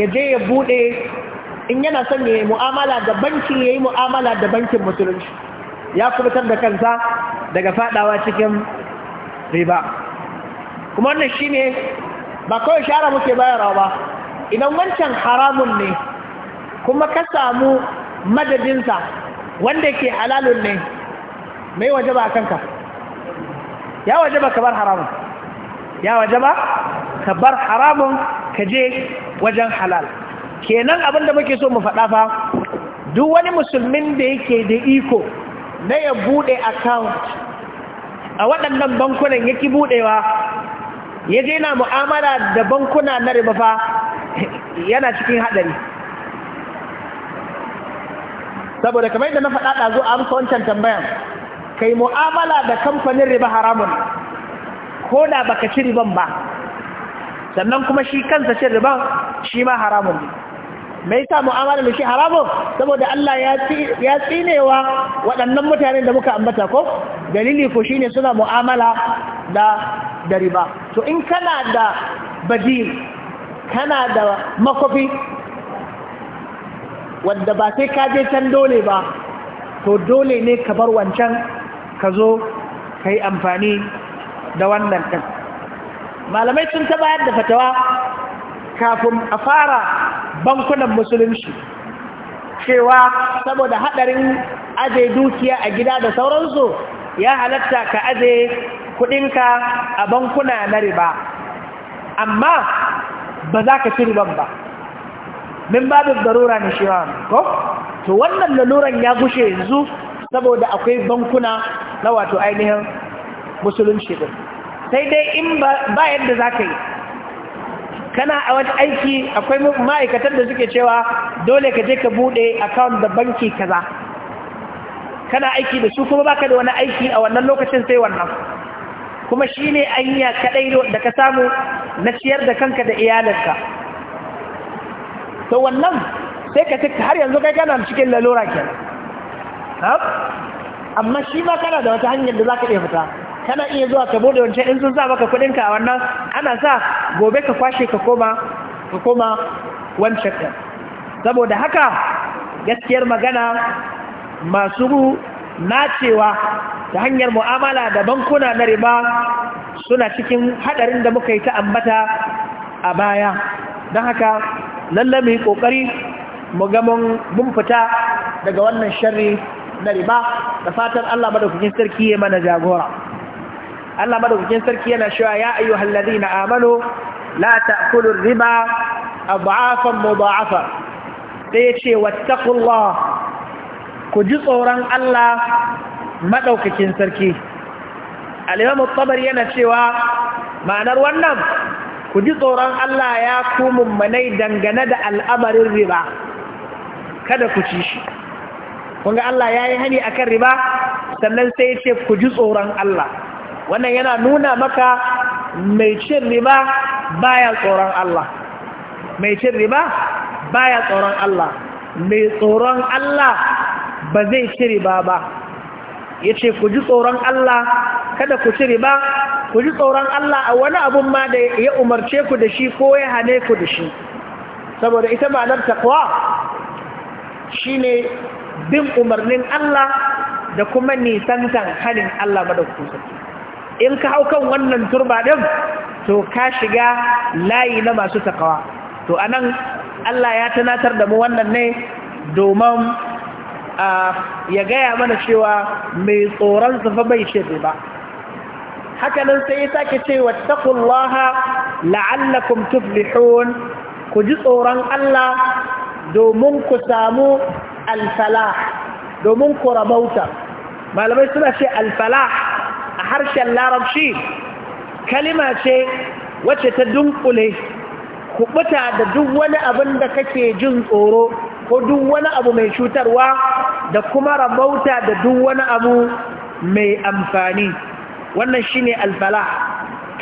ya je ya bude in yana son ya yi mu'amala da bankin ya yi mu'amala da bankin musulunci ya furtar da kansa daga fadawa cikin riba kuma wannan shi ne ba kawai shara muke bayarwa ba idan wancan haramun ne kuma ka samu madadinsa wanda ke halalun ne mai waje ba a kanka ya waje ba ka bar haramun ya waje ba ka bar haramun ka je wajen halal kenan abinda muke so mu faɗa fa duk wani musulmin da yake da iko na ya buɗe account a waɗannan bankunan yake buɗewa ya je na mu'amala da bankuna na riba fa yana cikin haɗari saboda kamar yadda na faɗa ɗazu a amsa wancan tambayan kai mu'amala da kamfanin riba haramun ko da baka ci riban ba sannan kuma shi kansa cin riban shi ma haramun ne Mai sa mu'amala da shi haramu saboda Allah ya tsinewa waɗannan mutanen da muka ambata ko dalili ko shine suna mu'amala da da riba to in kana da badil kana da makofi wanda ba sai ka je can dole ba to dole ne ka bar wancan ka zo ka yi amfani da wannan kan. malamai sun ta bayar da fatawa kafin a fara bankunan musulunci cewa saboda hadarin aje dukiya a gida da sauransu ya halatta ka aje kudinka a bankuna na riba amma ba za ka ci riban ba min babin garura ne shi ko to wannan laluran ya gushe yanzu saboda akwai bankuna na wato ainihin musulunci din sai dai in ba yadda za ka yi kana a wani aiki akwai ma'aikatar da suke cewa dole ka je ka bude account da banki kaza kana aiki da su kuma baka da wani aiki a wannan lokacin sai wannan kuma shine hanya kadai da ka samu na ciyar da kanka da iyalinka to wannan sai ka tuka har yanzu kai kana cikin lalura kenan amma shi ma kana da wata hanyar da zaka iya fita kana iya zuwa ka bude wancan in sun sa maka kudin ka wannan ana sa gobe ka kwashe ka koma ka koma wancan ka saboda haka gaskiyar magana masu nacewa ta hanyar mu'amala da bankuna na riba suna cikin hadarin da muka yi ta ambata a baya don haka lalle mu yi kokari mu ga mun fita daga wannan sharri na riba da fatan Allah madaukakin sarki ya mana jagora Allah madaukakin sarki yana cewa ya ayyuhal ladina amanu la ta'kulu riba adhafan mudha'afa sai yace wattaqullah ku ji tsoron Allah madaukakin sarki al-imam tabari yana cewa ma'anar wannan ku ji tsoron Allah ya ku mummanai dangane da al'amarin riba kada ku ci shi kun ga Allah ya yi hani akan riba sannan sai ya ce ku ji tsoron Allah wannan yana nuna maka mai cin riba baya tsoron Allah mai cin riba baya tsoron Allah mai tsoron Allah ba zai ci riba ba Ya ce ku ji tsoron Allah kada ku ci riba ku ji tsoron Allah a wani abun ma da ya umarce ku da shi ko ya hane ku da shi saboda ita ma'anar taqwa shine bin umarnin Allah da kuma nisan nisantan halin Allah madaukakin sarki in ka hau kan wannan turba ɗin to ka shiga layi na masu takawa to a nan Allah ya tunatar da mu wannan ne domin ya gaya mana cewa mai tsoron fa bai shebe ba hakanan sai ya sake ce takullaha la'allakum tuflihun ku ji tsoron Allah domin ku samu alfalah domin ku rabauta malamai suna ce alfala a harshen larabci kalima ce wacce ta dunkule kubuta da duk wani abin da kake jin tsoro ko duk wani abu mai cutarwa da kuma rabauta da duk wani abu mai amfani wannan shine alfala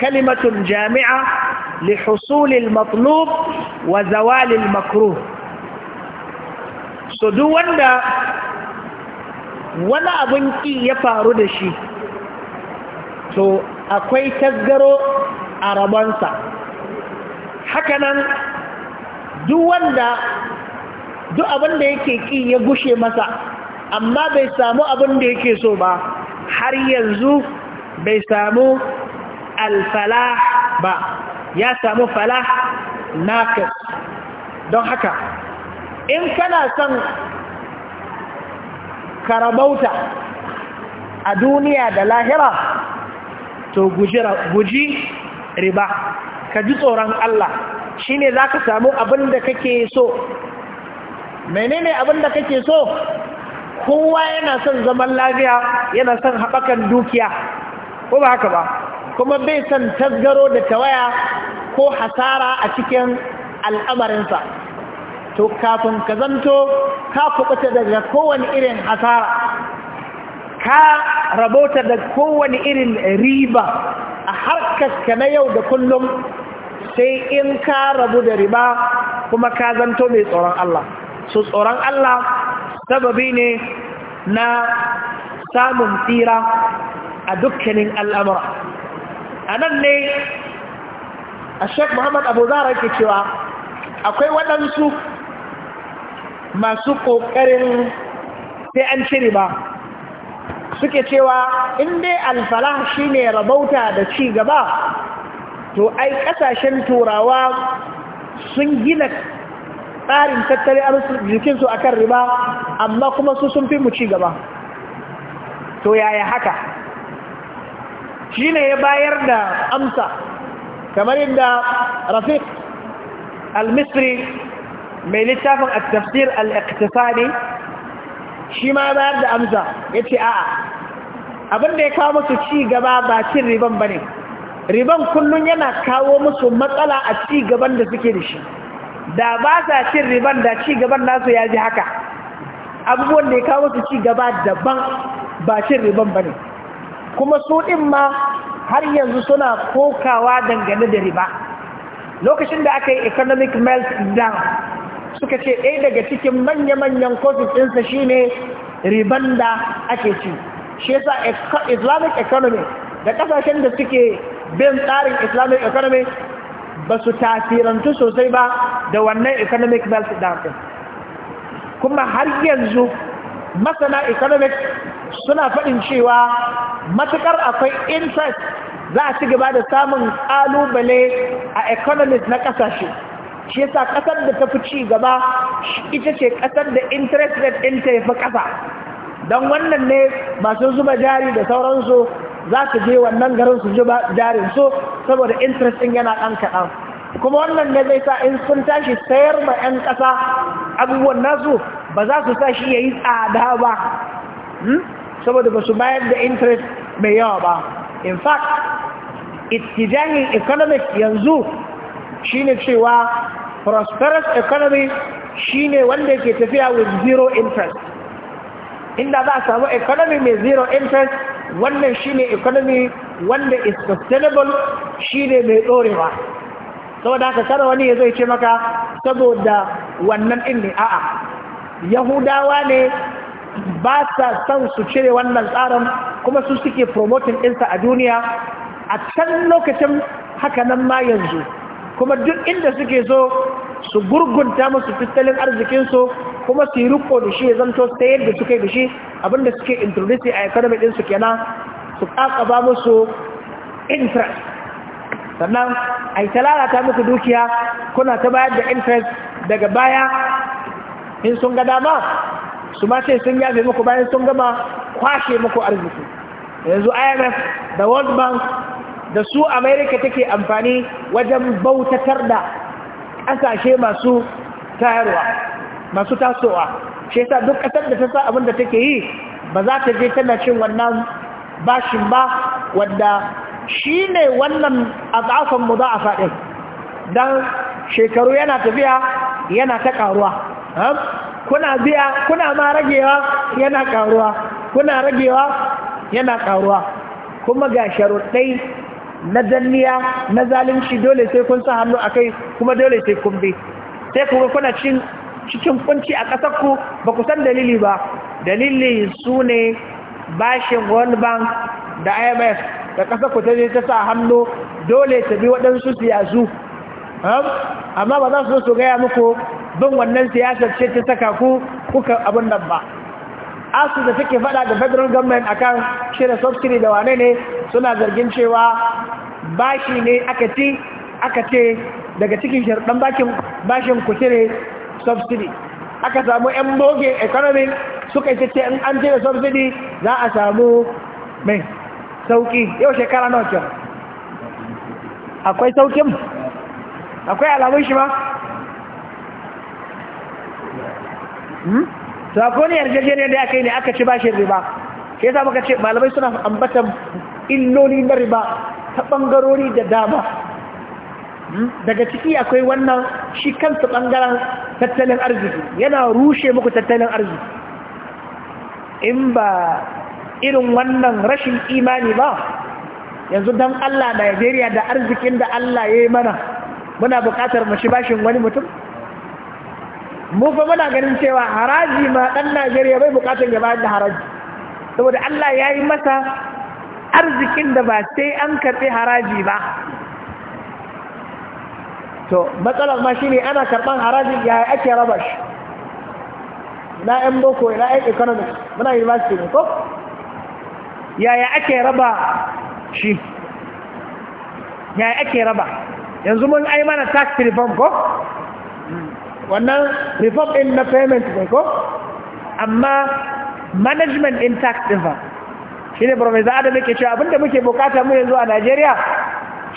kalimatun jami'a li husulil matlub wa zawalil makruh so duk wanda wani abin ki ya faru da shi to akwai tasgaro a rabonsa hakanan duk wanda duk abin da yake ƙi ya gushe masa amma bai samu abin da yake so ba har yanzu bai samu alfalah ba ya samu falah naqis don haka in kana son karabauta a duniya da lahira to guji riba ka ji tsoron Allah shi ne za ka samu abin da kake so menene abin da kake so kowa yana son zaman lafiya yana son haɓakan dukiya ko ba haka ba kuma bai son tasgaro da tawaya ko hasara a cikin al'amarinsa to kafin ka zanto ka kuɓuta daga kowane irin hasara ka rabota da kowane irin riba a harkarka na yau da kullum sai in ka rabu da riba kuma ka zanto mai tsoron Allah su tsoron Allah sababi ne na samun tsira a dukkanin al'amura a nan ne a shek muhammad abu zara ke cewa akwai waɗansu masu ƙoƙarin sai an ci riba suke cewa in dai shi shine rabauta da ci gaba to ai kasashen turawa sun gina tsarin tattalin arzikinsu a kan riba amma kuma su sun fi mu ci gaba to yaya haka shi ne ya bayar da amsa kamar inda rafiq al-misri mai littafin al-tafsir al-iqtisadi shi ma bayar da amsa ya ce a'a abin da ya kawo musu ci gaba ba cin riban ba ne riban kullum yana kawo musu matsala a ci gaban da suke da shi da ba sa cin riban da ci gaban nasu ya ji haka abubuwan da ya kawo musu ci gaba daban ba cin riban ba ne kuma su ɗin ma har yanzu suna kokawa dangane da riba lokacin da aka yi economic meltdown suka ce ɗaya daga cikin manya-manyan kofin ɗinsa shine riban da ake ci shi yasa islamic economy da ƙasashen da suke bin tsarin islamic economy ba su tasirantu sosai ba da wannan economic meltdown kuma har yanzu masana economic suna faɗin cewa matuƙar akwai interest za a ci gaba da samun ƙalubale a economic na ƙasashe shi yasa kasar da ta fi ci gaba ita ce kasar da interest rate din ya fi ƙasa don wannan ne masu zuba jari da sauransu za su je wannan garin su zuba jarin su saboda interest din yana ɗan kaɗan kuma wannan ne zai sa in sun tashi sayar ma 'yan ƙasa abubuwan nasu ba za su sa shi ya yi tsada ba hmm? saboda ba su bayar da interest mai yawa ba in fact ittijahin economic yanzu shine cewa prosperous economy shine wanda ke tafiya with zero interest inda za a samu economy mai zero interest wannan shine economy wanda is sustainable shine mai dorewa saboda haka kada wani ya zai ce maka saboda wannan din ne a'a yahudawa ne ba sa son su cire wannan tsarin kuma su suke promoting ɗinsa a duniya a can lokacin haka nan ma yanzu kuma duk inda suke so su gurgunta musu tattalin arzikinsu kuma su yi riko da shi ya zanto ta yadda suka yi da shi abinda suke introduce a economy ɗinsu kenan su ba musu interest sannan a yi talalata muku dukiya kuna ta bayar da interest daga baya in sun ga dama su ma ce sun yafe muku bayan sun gama kwashe muku arziki yanzu imf da world bank da su amerika take amfani wajen bautatar da ƙasashe masu tayarwa masu tasowa shi yasa duk ƙasar da ta sa abin da take yi ba za ta je tana cin wannan bashin ba wanda shi ne wannan azafan mu za a faɗin don shekaru yana tafiya yana ta ƙaruwa kuna biya kuna ma ragewa yana ƙaruwa kuna ragewa yana ƙaruwa kuma ga sharuɗai na danniya na zalunci dole sai kun sa hannu akai kuma dole sai kun bi sai kuma kuna cin cikin kunci a ƙasar ku ba ku san dalili ba dalili su ne bashin world bank da imf da ƙasar ku ta je ta sa hannu dole ta bi waɗansu siyasu amma ba za su so su gaya muku bin wannan siyasar ce ta saka ku kuka abin nan ba asu da take fada da federal government akan shirin subsidy da wane ne suna zargin cewa bashi ne aka ci aka ce daga cikin bakin bashin ku cire subsidy aka samu yan boge economy suka yi ce in an cire subsidy za a samu mai sauki yau shekara nawa kyan akwai saukin akwai alamun shi ma? Hmm? to akwai ne yarjejeniyar da aka kai ne aka ci bashin riba ke yasa muka ce malamai suna ambatan illoli na riba ta ɓangarori da dama hmm? daga ciki akwai wannan shi kansu ɓangaren tattalin arziki yana rushe muku tattalin arziki in ba irin wannan rashin imani ba yanzu don Allah Najeriya da arzikin da Allah ya yi mana muna buƙatar mashi bashin wani mutum mu fa muna ganin cewa haraji ma ɗan Najeriya bai bukatun ya bayar da haraji saboda Allah ya yi masa arzikin da ba sai an karɓi haraji ba to matsalar ma shi ne ana karɓan haraji ya ake raba shi na yan boko na yan economics muna university ne ko yaya ake raba shi yaya ake raba yanzu mun ai mana tax reform ko wannan reform in na payment ne ko amma management in tax diva shi ne barmaiza adam yake cewa abinda muke bukata mu yanzu a najeriya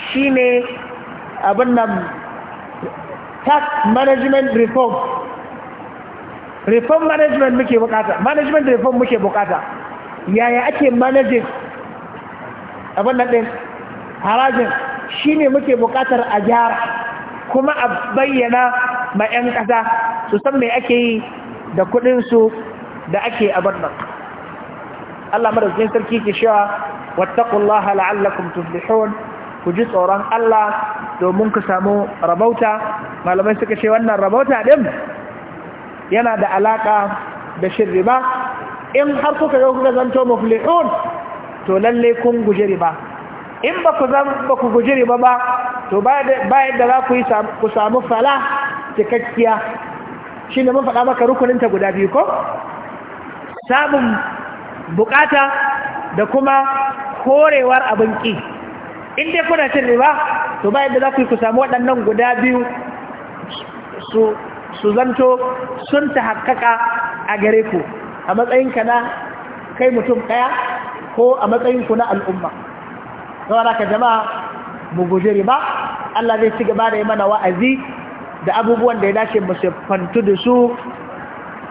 shi ne abin nan tax management reform reform management muke bukata management reform muke bukata yaya ake managing abin nan harajin shi ne muke bukatar a gyara kuma a bayyana ma 'yan ƙasa su san mai ake yi da kuɗinsu da ake a nan Allah madaukakin sarki ke wata wattaqullaha la'allakum tuflihon ku ji tsoron Allah domin ku samu rabauta malamai suka ce wannan rabauta ɗin yana da alaƙa da shirri ba in har kuka yau kuka zanto muflihun to lallai kun guje riba in ba ku zan ba ku riba ba to bayan da za ku samu fala cikakkiya shi ne mafaɗa maka rukuninta guda biyu ko? samun bukata da kuma korewar abin ƙi inda kuna cin riba to bayan da za ku yi ku samu waɗannan guda biyu su zanto sun ta haƙaƙa a gare ku a matsayinka na kai mutum ɗaya ko a matsayinku na al'umma. Zawara ka jama'a mu guji riba Allah zai ci gaba da yi mana wa'azi da abubuwan da ya dace mu da su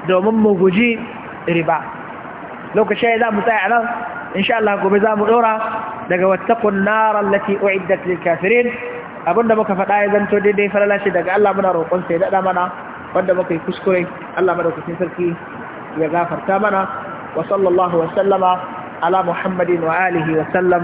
domin mu guji riba lokacin ya za mu tsaya a nan insha Allah gobe za mu ɗora daga wattakun nara lati u'iddat lil kafirin abinda muka faɗa ya zanto daidai falala shi daga Allah muna roƙon sai daɗa mana wanda muka yi kuskure Allah madaukakin sarki ya gafarta mana wa sallallahu wa sallama ala muhammadin wa alihi wa sallam